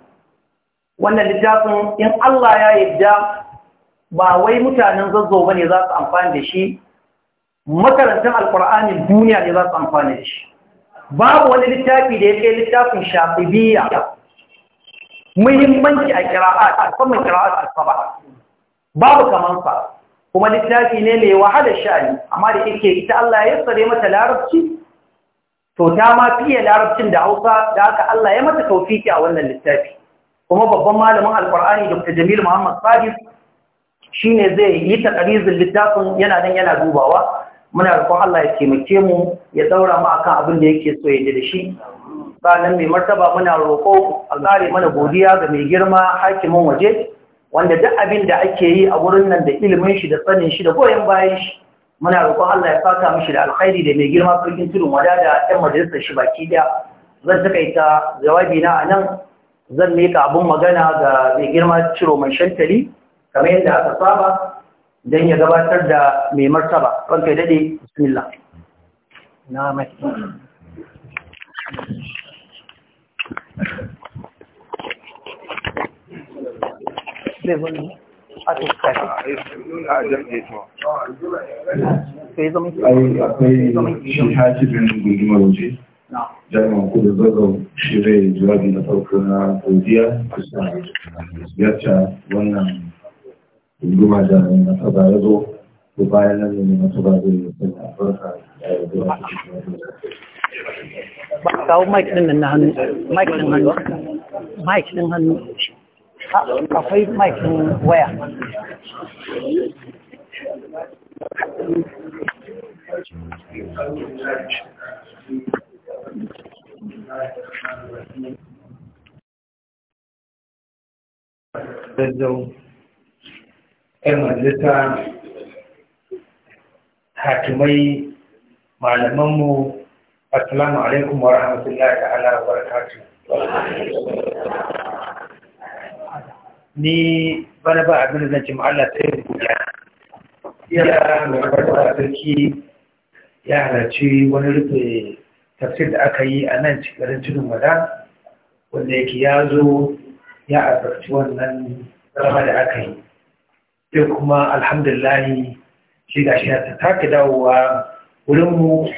wannan littafin in Allah ya yadda ba wai mutanen ba ne za su amfani da shi makarantar alkur'ani duniya ne za su amfani da shi babu wani littafi da ya kai littafin shafibiya muhimmanci a kira'at alfamin kira'at alfaba babu sa, kuma littafi ne mai wahalar sha'ani amma da yake ita Allah ya tsare mata larabci to ta ma fiye larabcin da hausa da haka Allah ya mata taufiki a wannan littafi kuma babban malamin alkur'ani dr jamil muhammad sadis shi ne zai yi taƙarizin littafin yana nan yana dubawa muna rikon Allah ya taimake mu ya daura mu akan abin da yake so ya ji da shi sannan mai martaba muna roƙo a tsare mana godiya ga mai girma hakimin waje wanda duk abin da ake yi a wurin nan da ilimin shi da sanin shi da goyon bayan shi muna roƙon Allah ya saka mishi da alkhairi da mai girma sarkin tudun wada da ɗan majalisar shi baki da zan takaita jawabi na anan zan mika abun magana ga mai girma ciro mai shantali kamar yadda aka saba don ya gabatar da mai martaba ranka ya dade bismillah na mai Thank akwai shi hajjibin gudunmar waje jami'an kudu zazzau shi jawabi na farko na kusa wannan da ko zai yi a farka a kawo mike ɗin nan na hannu mike ɗin hannu mike ɗin hannu akwai makin waya zazzau ‘yan majalisa hakimai malamanmu assalamu alaikum wa rahmatullahi ta'ala wa ni bana ba abin da zance ce ta yi godiya ya a sarki ya halarci wani rufe tafsir da aka yi a nan cikin tunin wada wanda yake ya zo ya albarci wannan zama da aka yi sai kuma alhamdulahi shi ga shi ta take dawowa wurinmu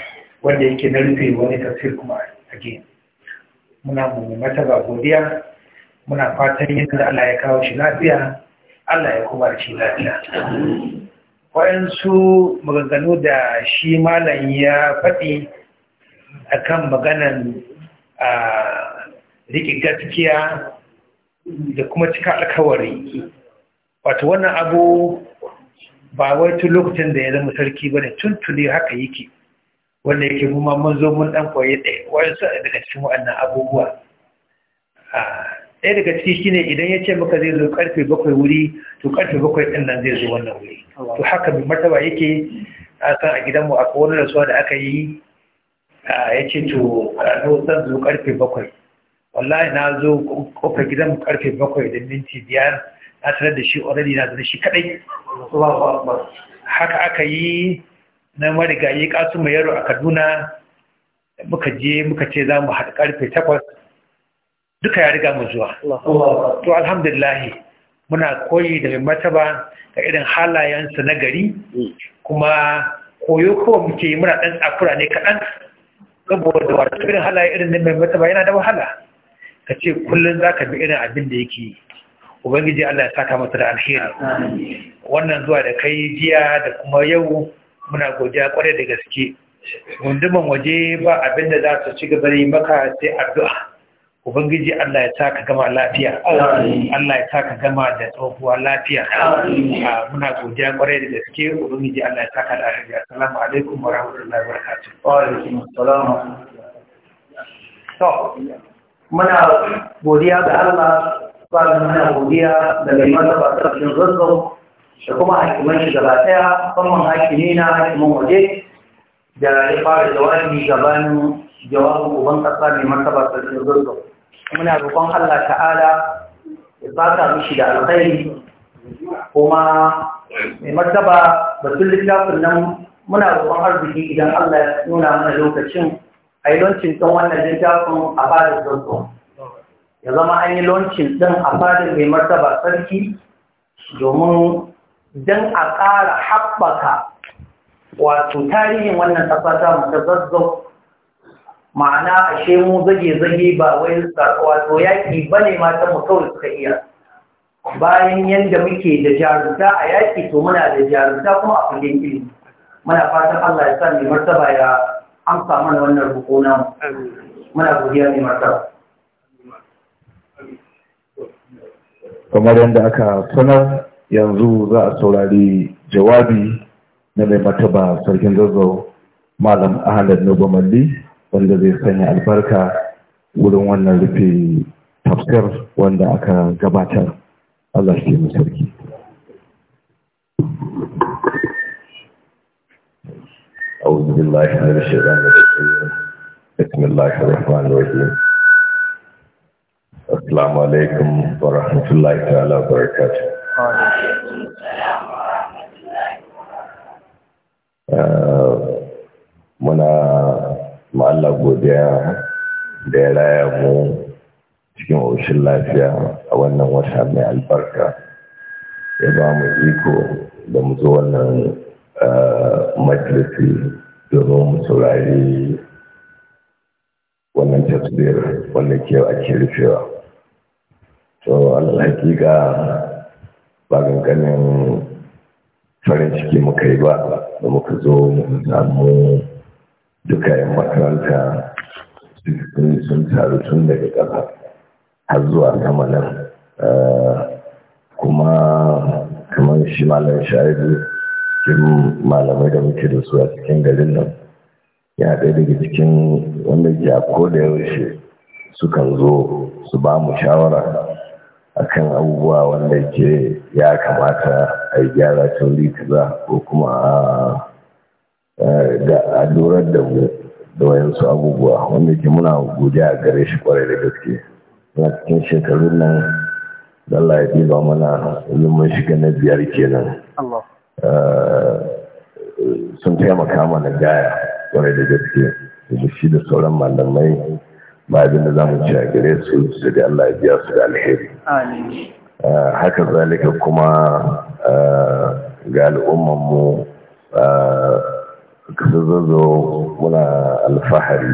wanda yake na rufe wani tafsir kuma a muna mu ba godiya muna fatan yadda Allah ya kawo shi lafiya Allah ya kuma da shi lafiya su maganganu da shi malam ya faɗi a akan maganan riƙe gaskiya da kuma cika alkawari wato wannan abu ba wai tun lokacin da ya zama sarki ba ne tun tuni haka yake wanda yake kuma mun zo mun ɗan koyi ɗaya sa'a daga cikin waɗannan abubuwa ɗaya daga ciki ne idan ya ce maka zai zo karfe bakwai wuri to karfe bakwai ɗin nan zai zo wannan wuri to haka mai martaba yake a kan a gidanmu a wani rasuwa da aka yi ya ce to na zan zo karfe bakwai wallahi na zo ƙofar gidanmu karfe bakwai da minti biyar na tarar da shi already na zana shi kaɗai haka aka yi na marigayi ƙasu mai yaro a kaduna muka je muka ce za mu haɗa karfe takwas duka ya riga mu zuwa to alhamdulillah muna koyi da mataba ga irin halayensa na gari mm. kuma koyo kowa muke muna ɗan tsakura ne kaɗan saboda wata irin halaye irin na mai mataba yana da wahala ka ce kullum za ka bi irin abin da yake yi ubangiji allah ya saka masa da alheri wannan zuwa da kai jiya da kuma yau muna godiya kwarai da gaske gunduman waje ba abin da za su ci gaba yi maka sai addu'a Ubangiji Allah ya taka gama lafiya, Allah ya taka gama da tsohuwa lafiya. Muna godiya kwarai da gaske Ubangiji Allah ya taka da lafiya. Assalamu alaikum wa rahmatullahi wa barakatuh. Wa alaikum assalam. To, muna godiya ga Allah, ba muna godiya da mai ta sarkin zazzau da kuma hakiman shi gaba ɗaya, musamman hakimi na hakiman waje da ya fara jawabi gabanin jawabin uban ƙasa mai ta sarkin zazzau. muna rukon Allah ta'ala ya baka mishi da alkhairi kuma mai martaba batun littafin nan muna rukon arziki idan Allah ya nuna mana lokacin a yi lancin ɗin wannan littafin a fadar zanto ya zama an yi lancin ɗin a fadar mai martaba sarki domin don a ƙara haɓaka wato tarihin wannan ƙasa ta mu ta zazzau ma'ana ashe mu zage-zage ba wai wato yaƙi ba ne mu kawai suka iya bayan yadda muke da jarunta a yaƙi to muna da jarunta kuma a fagen ilimi muna fatan Allah ya sa mai martaba ya amsa mana wannan roƙo namu muna godiya mai martaba kamar yadda aka sanar yanzu za a saurari jawabi na mai mataba sarkin zazzau malam ahalar nubamalli wanda zai sanya albarka wurin wannan rufe tafsir wanda aka gabatar Allah shi mu sarki أعوذ بالله من الشيطان الرجيم بسم الله الرحمن الرحيم السلام عليكم ورحمة muna ma Allah godiya da ya raya mu cikin ƙoshin lafiya a wannan wata mai albarka ya ba mu iko da mu zo wannan eh, majalisi domin mu saurari wannan tafsir wanda ke ake rufewa to hakika, ba ganganin farin ciki muka yi ba da muka zo mu samu duka yin makaranta sun taru tun daga ƙasa har zuwa sama nan eh, kuma kamar shi malam shahidu cikin malamai da muke da su a cikin garin nan ya ɗaya daga cikin wanda ke a koda yaushe sukan zo su ba mu shawara akan abubuwa wanda ke ya kamata a yi gyara tun litiza ko kuma a ga eh, allurar da mu da wayansu abubuwa wanda ke muna gudu a gare shi kwarai da gaske na cikin shekarun nan da Allah ya mana ilimin shiga na biyar kenan eh, sun taimaka mana gaya kwarai da gaske da shi da sauran malamai ba abin da za mu ci a gare su su da Allah biya su da alheri eh, haka zalika kuma ga al'ummanmu kasar muna alfahari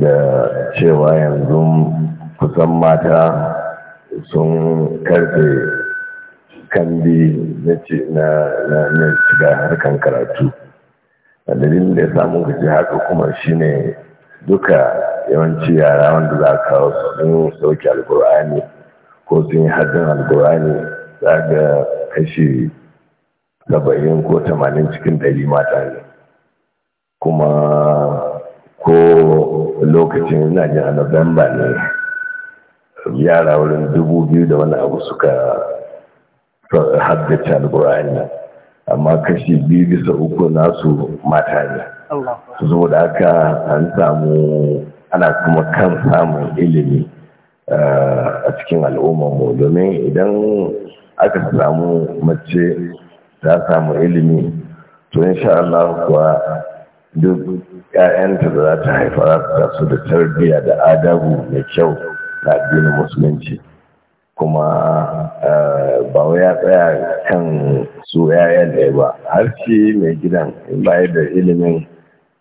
da cewa yanzu kusan mata sun karfe kandi na shiga harkan karatu a dalilin da ya samu gaji haka kuma shine duka yawanci yara wanda za ka kawo sun sauke alkur'ani ko sun yi haddin alkur'ani za ga kashi saba'in ko tamanin cikin ɗari mata ne kuma ko lokacin yana jin a novemba ne yara wurin dubu biyu da wani abu suka haddace alkur'ani amma kashi biyu bisa uku nasu mata ne zo da aka an samu ana kuma kan samun ilimi eh, a cikin mu domin idan aka samu mace ta samu ilimi to insha Allah kuwa duk ƴaƴanta da za ta haifa za su da tarbiyya da adabu mai kyau na addinin musulunci kuma eh, ba wai ya tsaya kan su ƴaƴan ɗaya ba har shi mai gidan in ba da ilimin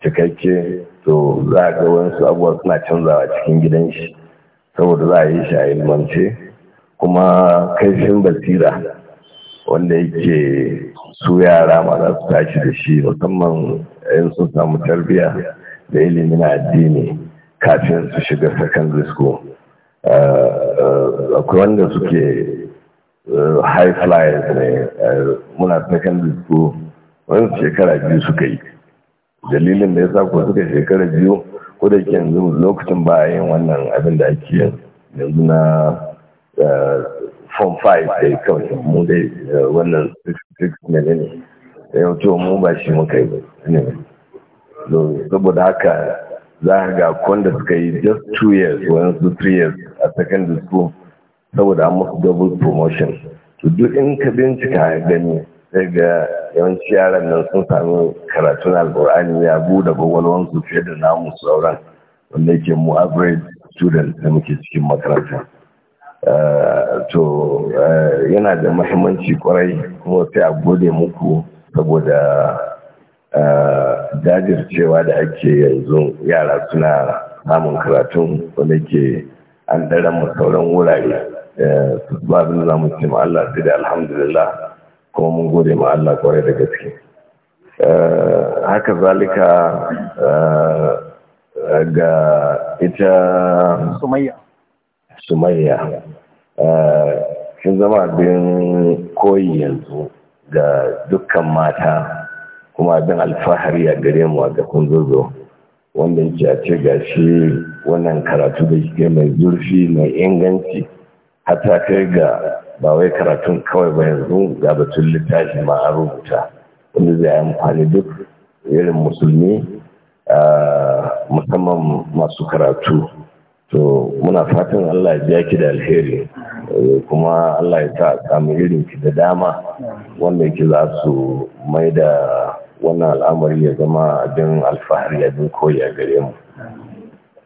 cikakke to za a ga wasu abubuwa suna canzawa cikin gidan shi saboda za a yi shi a ilmance kuma kaifin basira wanda yake su yara ma za su tashi da shi musamman in sun samu tarbiyya da ilimin addini kafin su shiga secondary school eh, akwai wanda suke eh, high flyers ne eh, muna secondary school wani shekara biyu suka yi dalilin da ya sa ko suka shekara biyu ko da yanzu lokacin ba yin wannan abin da ake yanzu na form 5 dai kawai mu dai eh, wannan 6 menene yau eh, to mu ba shi muka yi ne saboda haka za a ga kwanda suka yi just two years wani su three years a secondary school saboda an musu double promotion to duk in ka bincika gani sai ga yawanci yaran nan sun sami karatun alkur'ani ya buɗe gwagwalwansu fiye da namu sauran wanda yake mu average student da muke cikin makaranta to eh, yana da mahimmanci kwarai kuma sai a gode muku saboda eh, jajircewa da ake yanzu yara suna samun karatun wanda ke an daren sauran wurare su eh, ba zai za mu ce ma Allah sai da alhamdulillah kuma mun gode ma Allah kwarai da gaske haka zalika ga ita sumayya Eh, sun zama abin koyi yanzu ga dukkan mata kuma abin alfahari a gare mu a gafin zozo wanda yake a ce ga shi wannan karatu da shi mai zurfi mai inganci hata kai ga ba wai karatun kawai ba yanzu ga batun littafi ma a rubuta wanda zai amfani duk irin musulmi eh, musamman masu karatu to muna fatan Allah ya biya ki da alheri Eh, kuma Allah ya sa samu irin ki da dama wanda ki za su mai da wannan al'amari ya zama abin alfahari abin koyi a gare mu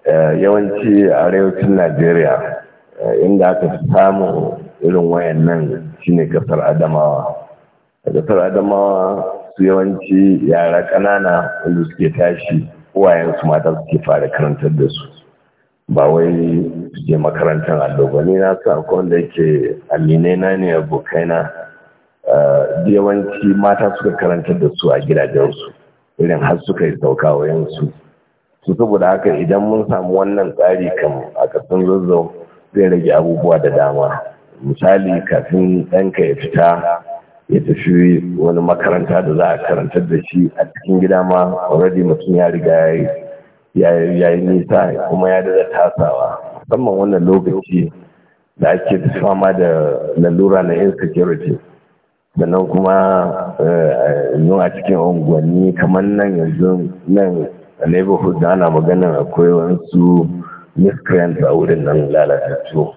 eh, yawanci a arewacin najeriya eh, inda aka fi samun irin wayan nan shine kasar adamawa a kasar adamawa su yawanci yara ƙanana wanda suke tashi uwayensu mata suke fara karantar da su ba wai suke makarantar allo ba ni na sa akwai wanda yake aminai na ne abokaina eh, yawanci mata suka karantar da su a gidajensu irin har suka yi sauka wayansu su saboda haka idan mun samu wannan tsari kan a kasan zazzau zai rage abubuwa da dama misali kafin ɗanka ya fita ya tafi wani makaranta da za a karantar da shi a cikin gida ma already mutum ya riga ya ya nisa kuma ya daga tasawa musamman wannan lokaci da ake fama da lalura na insecurity sannan kuma yin eh, a cikin unguwanni kamar nan yanzu nan a neighborhood da ana magana akwai wasu miscreants a wurin nan lalatattu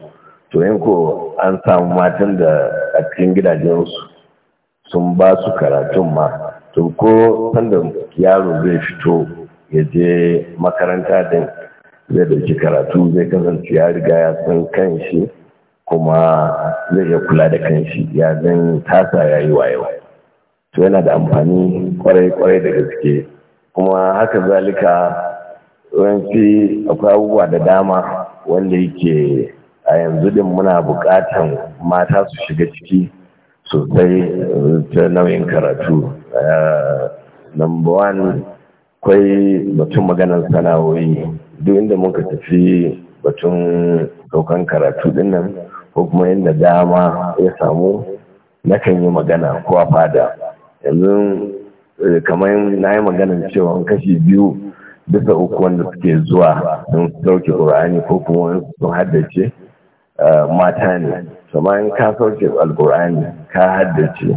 to yin ko an samu matan da a cikin gidajensu sun ba su karatun ma to ko sanda yaro zai fito ya je makaranta din zai dauki karatu zai kasance ya riga ya san kan shi kuma zai ya kula da kanshi ya zan tasa ya yi wayo to yana da amfani kwarai-kwarai da gaske kuma haka zalika wanci akwai abubuwa da dama wanda yake a yanzu din muna bukatan mata su shiga ciki sosai ta nauyin karatu eh, number one akwai batun maganar sana'o'i duk inda muka tafi batun daukan karatu dinnan ko kuma yadda dama ya samu nakan yi magana ko a fada yanzu eh, kamar na yi maganar cewa kashi biyu bisa uku wanda suke zuwa sun sauke ƙur'ani ko kuma sun haddace eh, mata ne sama in ka sauke alƙur'ani ka haddace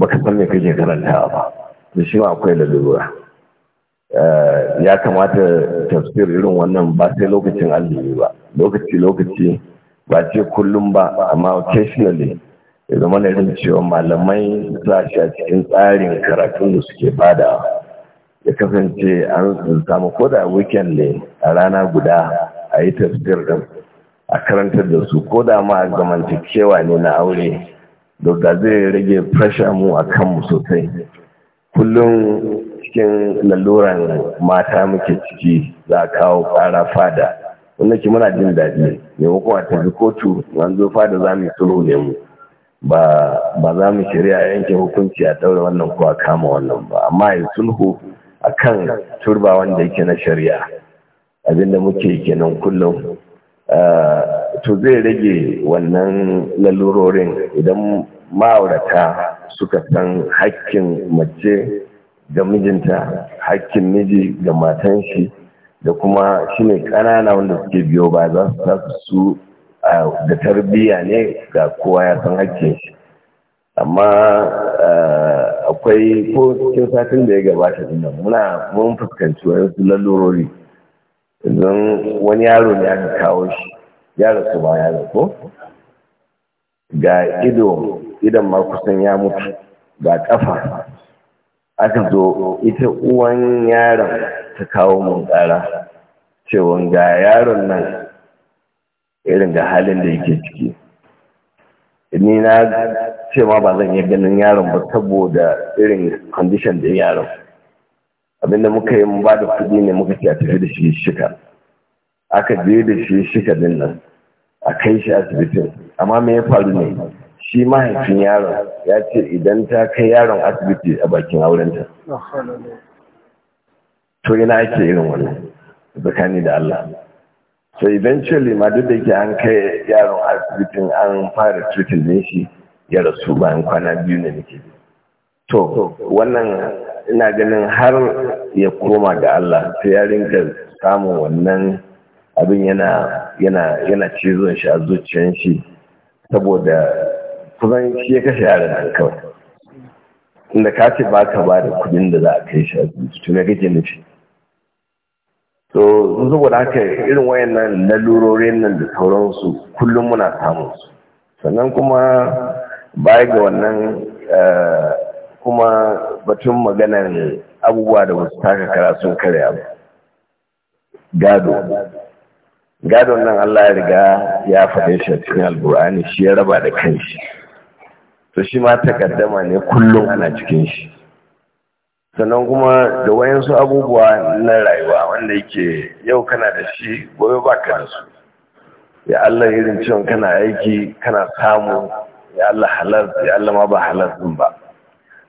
baka san me kake karantawa ba Da shi akwai lalura eh, ya kamata tafsir irin wannan ba sai lokacin azumi ba lokaci lokaci ba ce kullum ba amma occasionally ya zama na irin cewa malamai za shi a cikin tsarin karatun da suke bada ya kasance an samu ko da weekend ne a rana guda a yi tafsir din a karantar da su ko da ma zamantakewa ne na aure da zai rage pressure mu a kanmu sosai kullum cikin laluran mata muke ciki za a kawo kara fada wanda ke muna jin daɗi maimakon a tafi kotu an zo fada za mu yi sulhu ne mu ba za mu shirya yanke hukunci a daura wannan ko a kama wannan ba amma yi sulhu a kan turba wanda yake na shari'a abinda muke kenan kullum ah, to zai rage wannan lalurorin idan ma'aurata suka san hakkin mace ga mijinta hakkin miji ga matan shi da kuma shi ne ƙanana wanda suke biyo ba za su tasu su da tarbiyya ne ga kowa ya san hakkin shi amma akwai ko cikin satin da ya gabata din muna mun fuskanci wani su lalurori idan wani yaro ne aka kawo shi yaro su ba yaro ko ga ido idan ma kusan ya mutu ga kafa aka zo ita uwan yaron ta kawo mun kara cewa ga yaron nan irin ga halin da yake ciki ni na ce ma ba zan iya ganin yaron ba saboda irin condition da yaron abinda muka yi mu ba da kuɗi ne muka ce a tafi da shi shika aka je da shi shika din nan a kai shi asibitin amma me ya faru ne shi mahaifin yaron ya ce idan ta kai yaron asibiti a bakin aurenta to yana ake irin wannan zakani da Allah so eventually ma duk da yake an kai yaron asibitin an fara cutar din shi ya rasu bayan kwana biyu ne nake to wannan ina ganin har ya koma ga Allah ta yarin ka samun wannan abin yana yana yana cizon shi a zuciyar shi saboda kusan shi ya kashe yaran nan kawai inda ka ce ba ka ba da kudin da za a kai shi a asibiti to me kake nufi to saboda haka irin wayannan lurori nan da sauransu kullum muna samun su sannan kuma baya ga wannan eh, kuma batun maganar abubuwa da wasu taka kara sun karya ba gado gado nan Allah ya riga ya faɗe shi cikin alburani shi ya raba da kanshi to shi ma takaddama ne kullum ana cikin shi sannan kuma da wayansu abubuwa na rayuwa wanda yake yau kana da shi gobe baka da su ya Allah irin cewa kana aiki kana samu ya Allah halal ya Allah ma ba halal din ba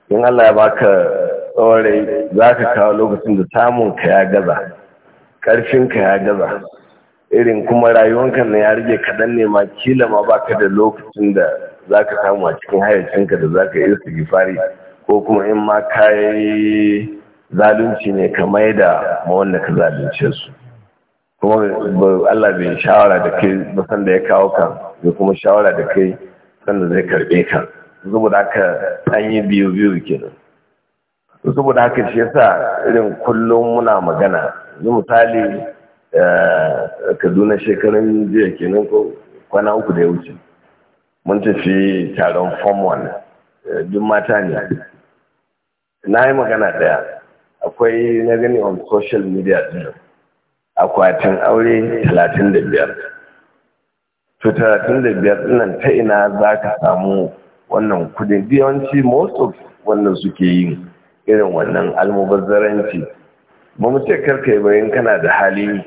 in Allah ya baka tsore zaka kawo lokacin da samun ka ya gaza karfin ka ya gaza irin kuma rayuwanka ne ya rige kadan ne ma kila ma baka da lokacin da za ka samu a cikin hayyacinka da za ka yi gifari ko kuma in ma ka zalunci ne ka mai da wanda ka zalunce su kuma Allah bai shawara da kai ba sanda ya kawo ka bai kuma shawara da kai sanda zai karbe ka saboda haka an yi biyu biyu kenan saboda haka shi yasa irin kullum muna magana yanzu misali eh, Kaduna shekarun jiya kenan ko kwana uku da ya wuce mun tafi taron form one eh, duk mata ne na yi magana daya akwai na gani on social media din akwatin aure talatin to talatin da ta ina za ka samu wannan kudin yawanci most of wannan suke yi irin wannan almubazzaranci ba mu ce karka yi bayan kana da hali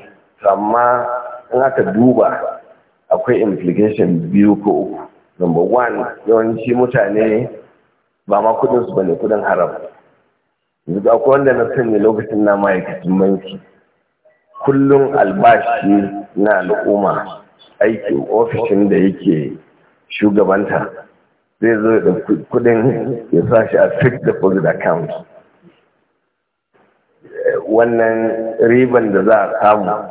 amma in aka duba akwai implication biyu ko uku number one yawanci mutane ba ma kudinsu ba ne kudin haram yanzu akwai wanda na sanya lokacin na ma'aikacin banki kullum albashi na al'umma aikin ofishin da yake shugabanta zai zo da kudin ya sa shi a fixed deposit account wannan riban da za a samu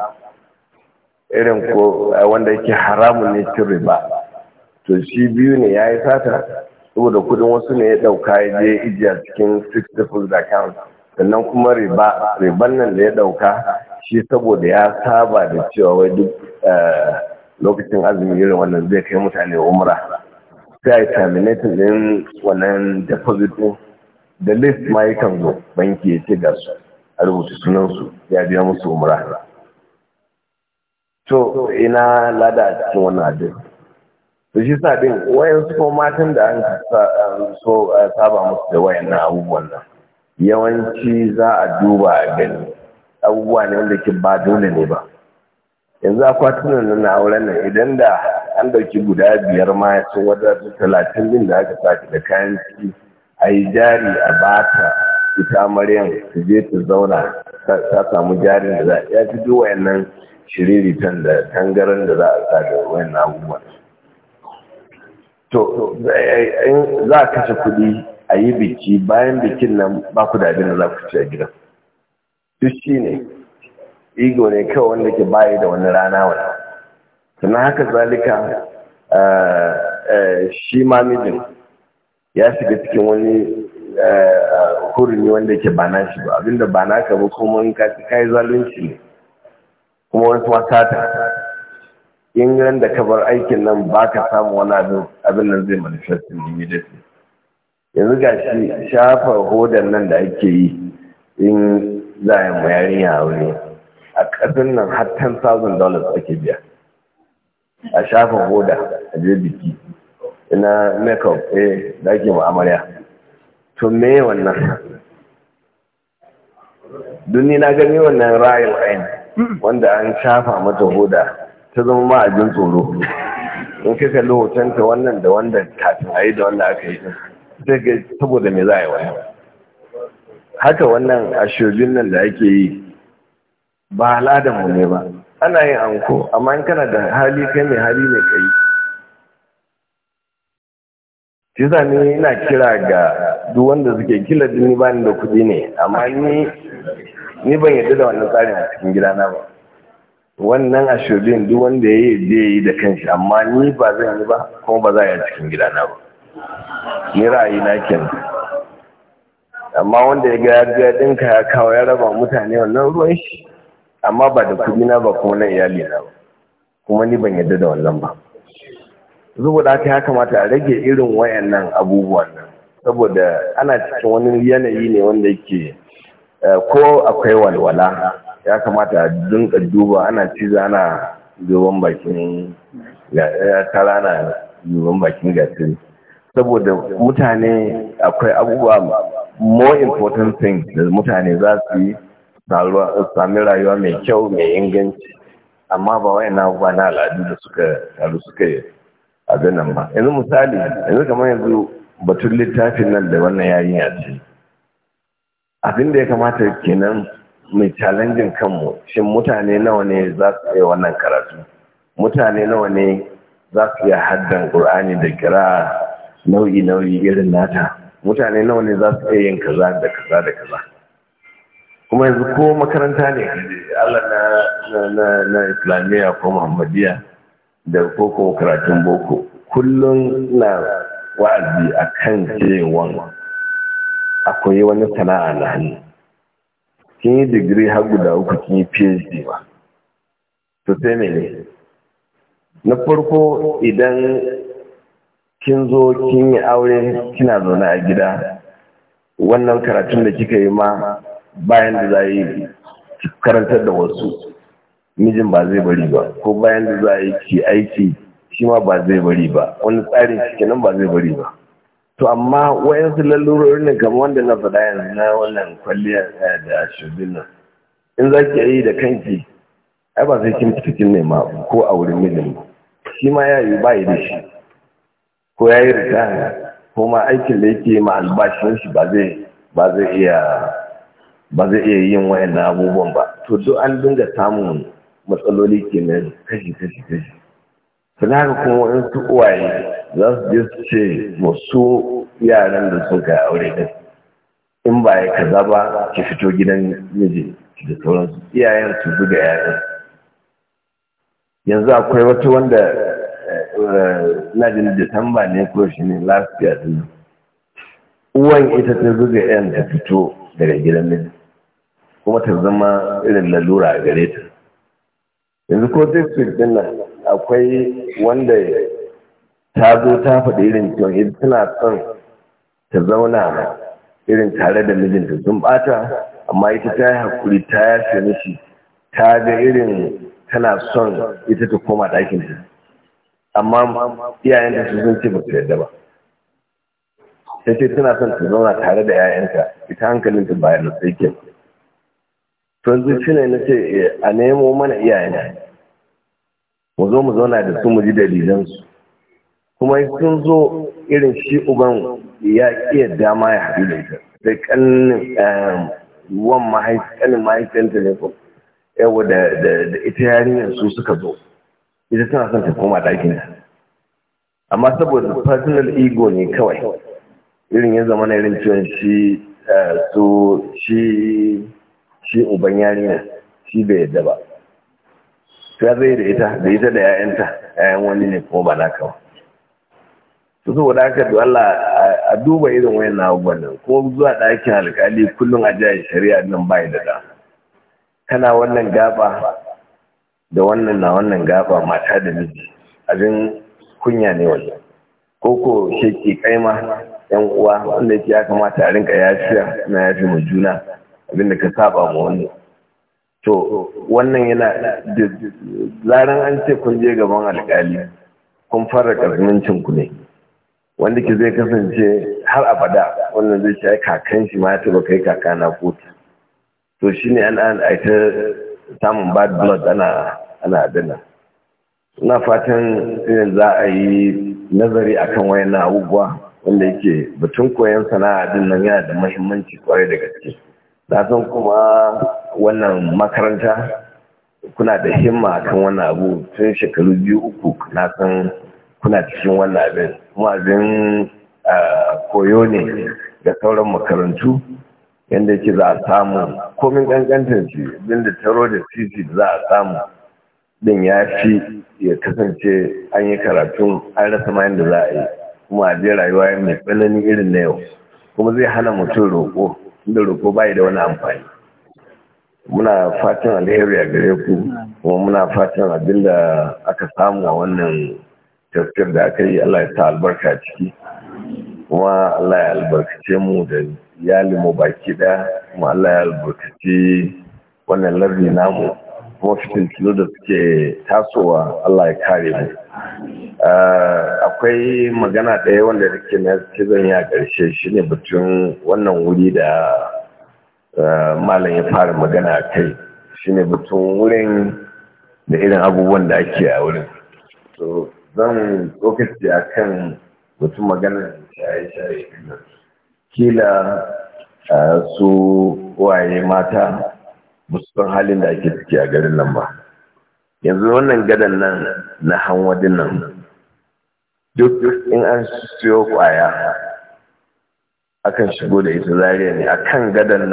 irin ko wanda yake haramun ne cin riba to shi biyu ne ya yi sata saboda kudin wasu ne ya dauka ya je ijiya cikin fixed deposit account sannan kuma riba riban nan da ya dauka shi saboda ya saba da cewa wai duk eh, lokacin azumi irin wannan zai kai mutane umra sai a terminating din wannan deposit din da list ma yakan zo banki ya ce ga su a rubuta sunansu ya biya musu umra to ina lada a cikin wannan adin da shi sa din wayan su matan da an so saba musu da wayan na abubuwan nan yawanci za a duba a gani abubuwa ne wanda ke ba dole ne ba yanzu akwatunan nan na auren nan idan da an dauki guda biyar ma sun su talatin din da aka saki da kayan ciki a yi jari a bata ita amaryan su je ta zauna ta samu jarin da za a ya fi duwayen nan shiriritan da tangaran da za a sa da wayan abubuwan to eh, in za a kashe kuɗi a yi biki bayan bikin nan ba ku da abin da za ku ci a gida. duk shi ne ego ne kawai wanda ke baye da wani rana wani sannan haka zalika eh, eh, shi ma mijin ya shiga cikin wani hurumi wanda ke ba na shi ba abinda ba na ka ba kuma in ka kai zalunci ne kuma wani kuma sata in ran da ka bar aikin nan ba ka samu wani abin nan zai manifest immediately yanzu ga shi shafa hodan nan da ake yi in za a yi mayarin yawon a ƙasar nan har $10,000 ake biya a shafa hoda a je biki ina makeup eh da ake mu'amala to me wannan duniya na gani wannan ra'ayin wanda an shafa mata hoda ta zama ma abin tsoro in ka kalli ta wannan da wanda kafin a yi da wanda aka yi ta ga saboda me za a yi waya? haka wannan a shirin nan da ake yi ba mu ne ba ana yin anko amma in kana da hali kai mai hali mai kai shi za ni ina kira ga duk wanda suke kila duni ba ni da kuɗi ne amma ni ban yadda da wannan tsarin a cikin gidana ba wannan ashirin duk wanda ya yi zai yi da kanshi amma ni ba zan yi ba kuma ba za a yi cikin na ba ni ra'ayi na kenan amma wanda ya ga ya dinka ya kawo ya raba mutane wannan ruwan shi amma ba da kudi na ba kuma na iyali na ba kuma ni ban yadda da wannan ba saboda haka ya kamata a rage irin wayannan abubuwan nan saboda ana cikin wani yanayi ne wanda yake eh, ko akwai walwala ya kamata a dinka duba ana ciza ana duban bakin eh, kara na duban bakin gasiri saboda mutane akwai abubuwa more important thing da mutane za su yi sami rayuwa mai kyau mai inganci amma ba wai na abubuwa na al'adu da suka taru suka yi a ganin ba yanzu misali yanzu kamar yanzu batun littafin nan da wannan yarinya ce abin da ya kamata kenan mai challenging kanmu shin mutane nawa ne za su iya wannan karatu mutane nawa ne za su iya haddan ƙur'ani da kira nau'i-nau'i irin nata mutane nawa ne za su iya yin kaza da kaza da kaza kuma yanzu ko makaranta ne Allah na na islamiyya ko muhammadiyya da ko karatun boko kullum na wa'azi akan cewa akwai wani sana'a na hannu kin yi digiri har guda uku kin yi phd ba to sai ne na farko idan kin zo kin yi aure kina zaune a gida wannan karatun da kika yi ma bayan da za yi karantar da wasu mijin ba zai bari ba ko bayan da za yi ki aiki shi ma ba zai bari ba wani tsarin shi kenan ba zai bari ba to amma wayansu lalurorin ne kamar wanda na faɗa yanzu na wannan kwalliya da ashirin nan in za ki yi da kanki ai ba sai kin fita kin nema ko a wurin milin shi ma ya yi ba yi da shi ko ya yi ritaya ko ma aikin da yake ma albashin shi ba zai ba zai iya ba zai iya yin wayannan abubuwan ba to duk an dinga samun matsaloli kenan kashi kashi kashi sannan haka kuma wayansu uwaye za su je su ce wasu yaran da suka aure da in ba ya kaza ba ki fito gidan miji da sauransu iyayen su buga yaran yanzu akwai wata wanda eh, na jin disamba ne ko shi ne last year din uwan ita ta buga yan ta fito daga gidan miji kuma ta zama irin lalura a gare ta yanzu ko district din nan akwai wanda ta zo ta faɗi irin cewa idan tana son ta zauna irin tare da mijinta sun bata amma ita ta yi hakuri ta yafe mishi ta ga irin tana son ita ta koma ɗakinta amma iyayenta su sun ce ba su yarda ba ta ce tana son ta zauna tare da 'ya'yanta ita hankalinta bayan da sai ke tun shi ne na ce eh, a nemo mana iyayena mu zo mu zauna da su mu ji dalilansu kuma sun zo irin shi uban ya iya dama ya haɗu da ita da kanin ehm, wan mahaifin mahaifinta ne ko yawa da ita yarinyar su suka zo ita tana son ta koma ɗakin amma saboda personal ego ne kawai irin ya zama na irin ciwon shi eh, su shi shi uban yarinyar shi bai yadda ba ta zai da ita da ita da 'ya'yanta 'ya'yan wani ne kuma ba na kawai to saboda haka to Allah a duba irin wayan abubuwan wannan, ko zuwa ɗakin alƙali kullum a jihar shari'a nan ba da da kana wannan gaba da wannan na wannan gaba mata da miji abin kunya ne wannan ko ko sheki kaima yan uwa wanda yake ya kamata a rinka yafiya na yafi mu juna abinda ka saba mu wani to wannan yana zaran an ce kun je gaban alƙali kun fara cin ku ne wanda ke zai kasance har abada wannan zai shi kakan shi ma ya taba kai kaka na kotu to shi ne an aita samun bad blood ana ana dana suna fatan za a yi nazari akan wayannan abubuwa wanda yake batun koyon sana'a din nan yana da mahimmanci kwarai da gaske na san kuma wannan makaranta kuna da himma akan wannan abu tun shekaru biyu uku na san muna cikin wannan abin kuma abin koyo ne da sauran makarantu yadda ke za a samu komin ƙanƙantar shi abin da taro da titi za a samu din ya fi ya kasance an yi karatun an rasa mayan da za a yi kuma a je rayuwa mai tsananin irin na yau kuma zai hana mutum roƙo inda roƙo bai da wani amfani muna fatan alheri a gare ku kuma muna fatan abin da aka samu a wannan gaskiyar da aka yi Allah ya ta albarka ciki kuma Allah ya albarkace mu da mu baki ɗaya kuma Allah ya albarkace wannan lardi namu kuma kilo da suke tasowa Allah ya kare mu ah, akwai magana ɗaya wanda rike na zan ya ƙarshe shi ne batun wannan wuri da ah, malam ya fara magana a kai shi ne batun wurin da irin abubuwan da ake a wurin zan tsokaci a kan mutum maganar shaye-shaye kila su waye mata musamman halin da ake ciki a garin nan ba yanzu wannan gadan nan na hanwadin nan duk in an siyo kwaya akan shigo da ita zariya ne akan gadan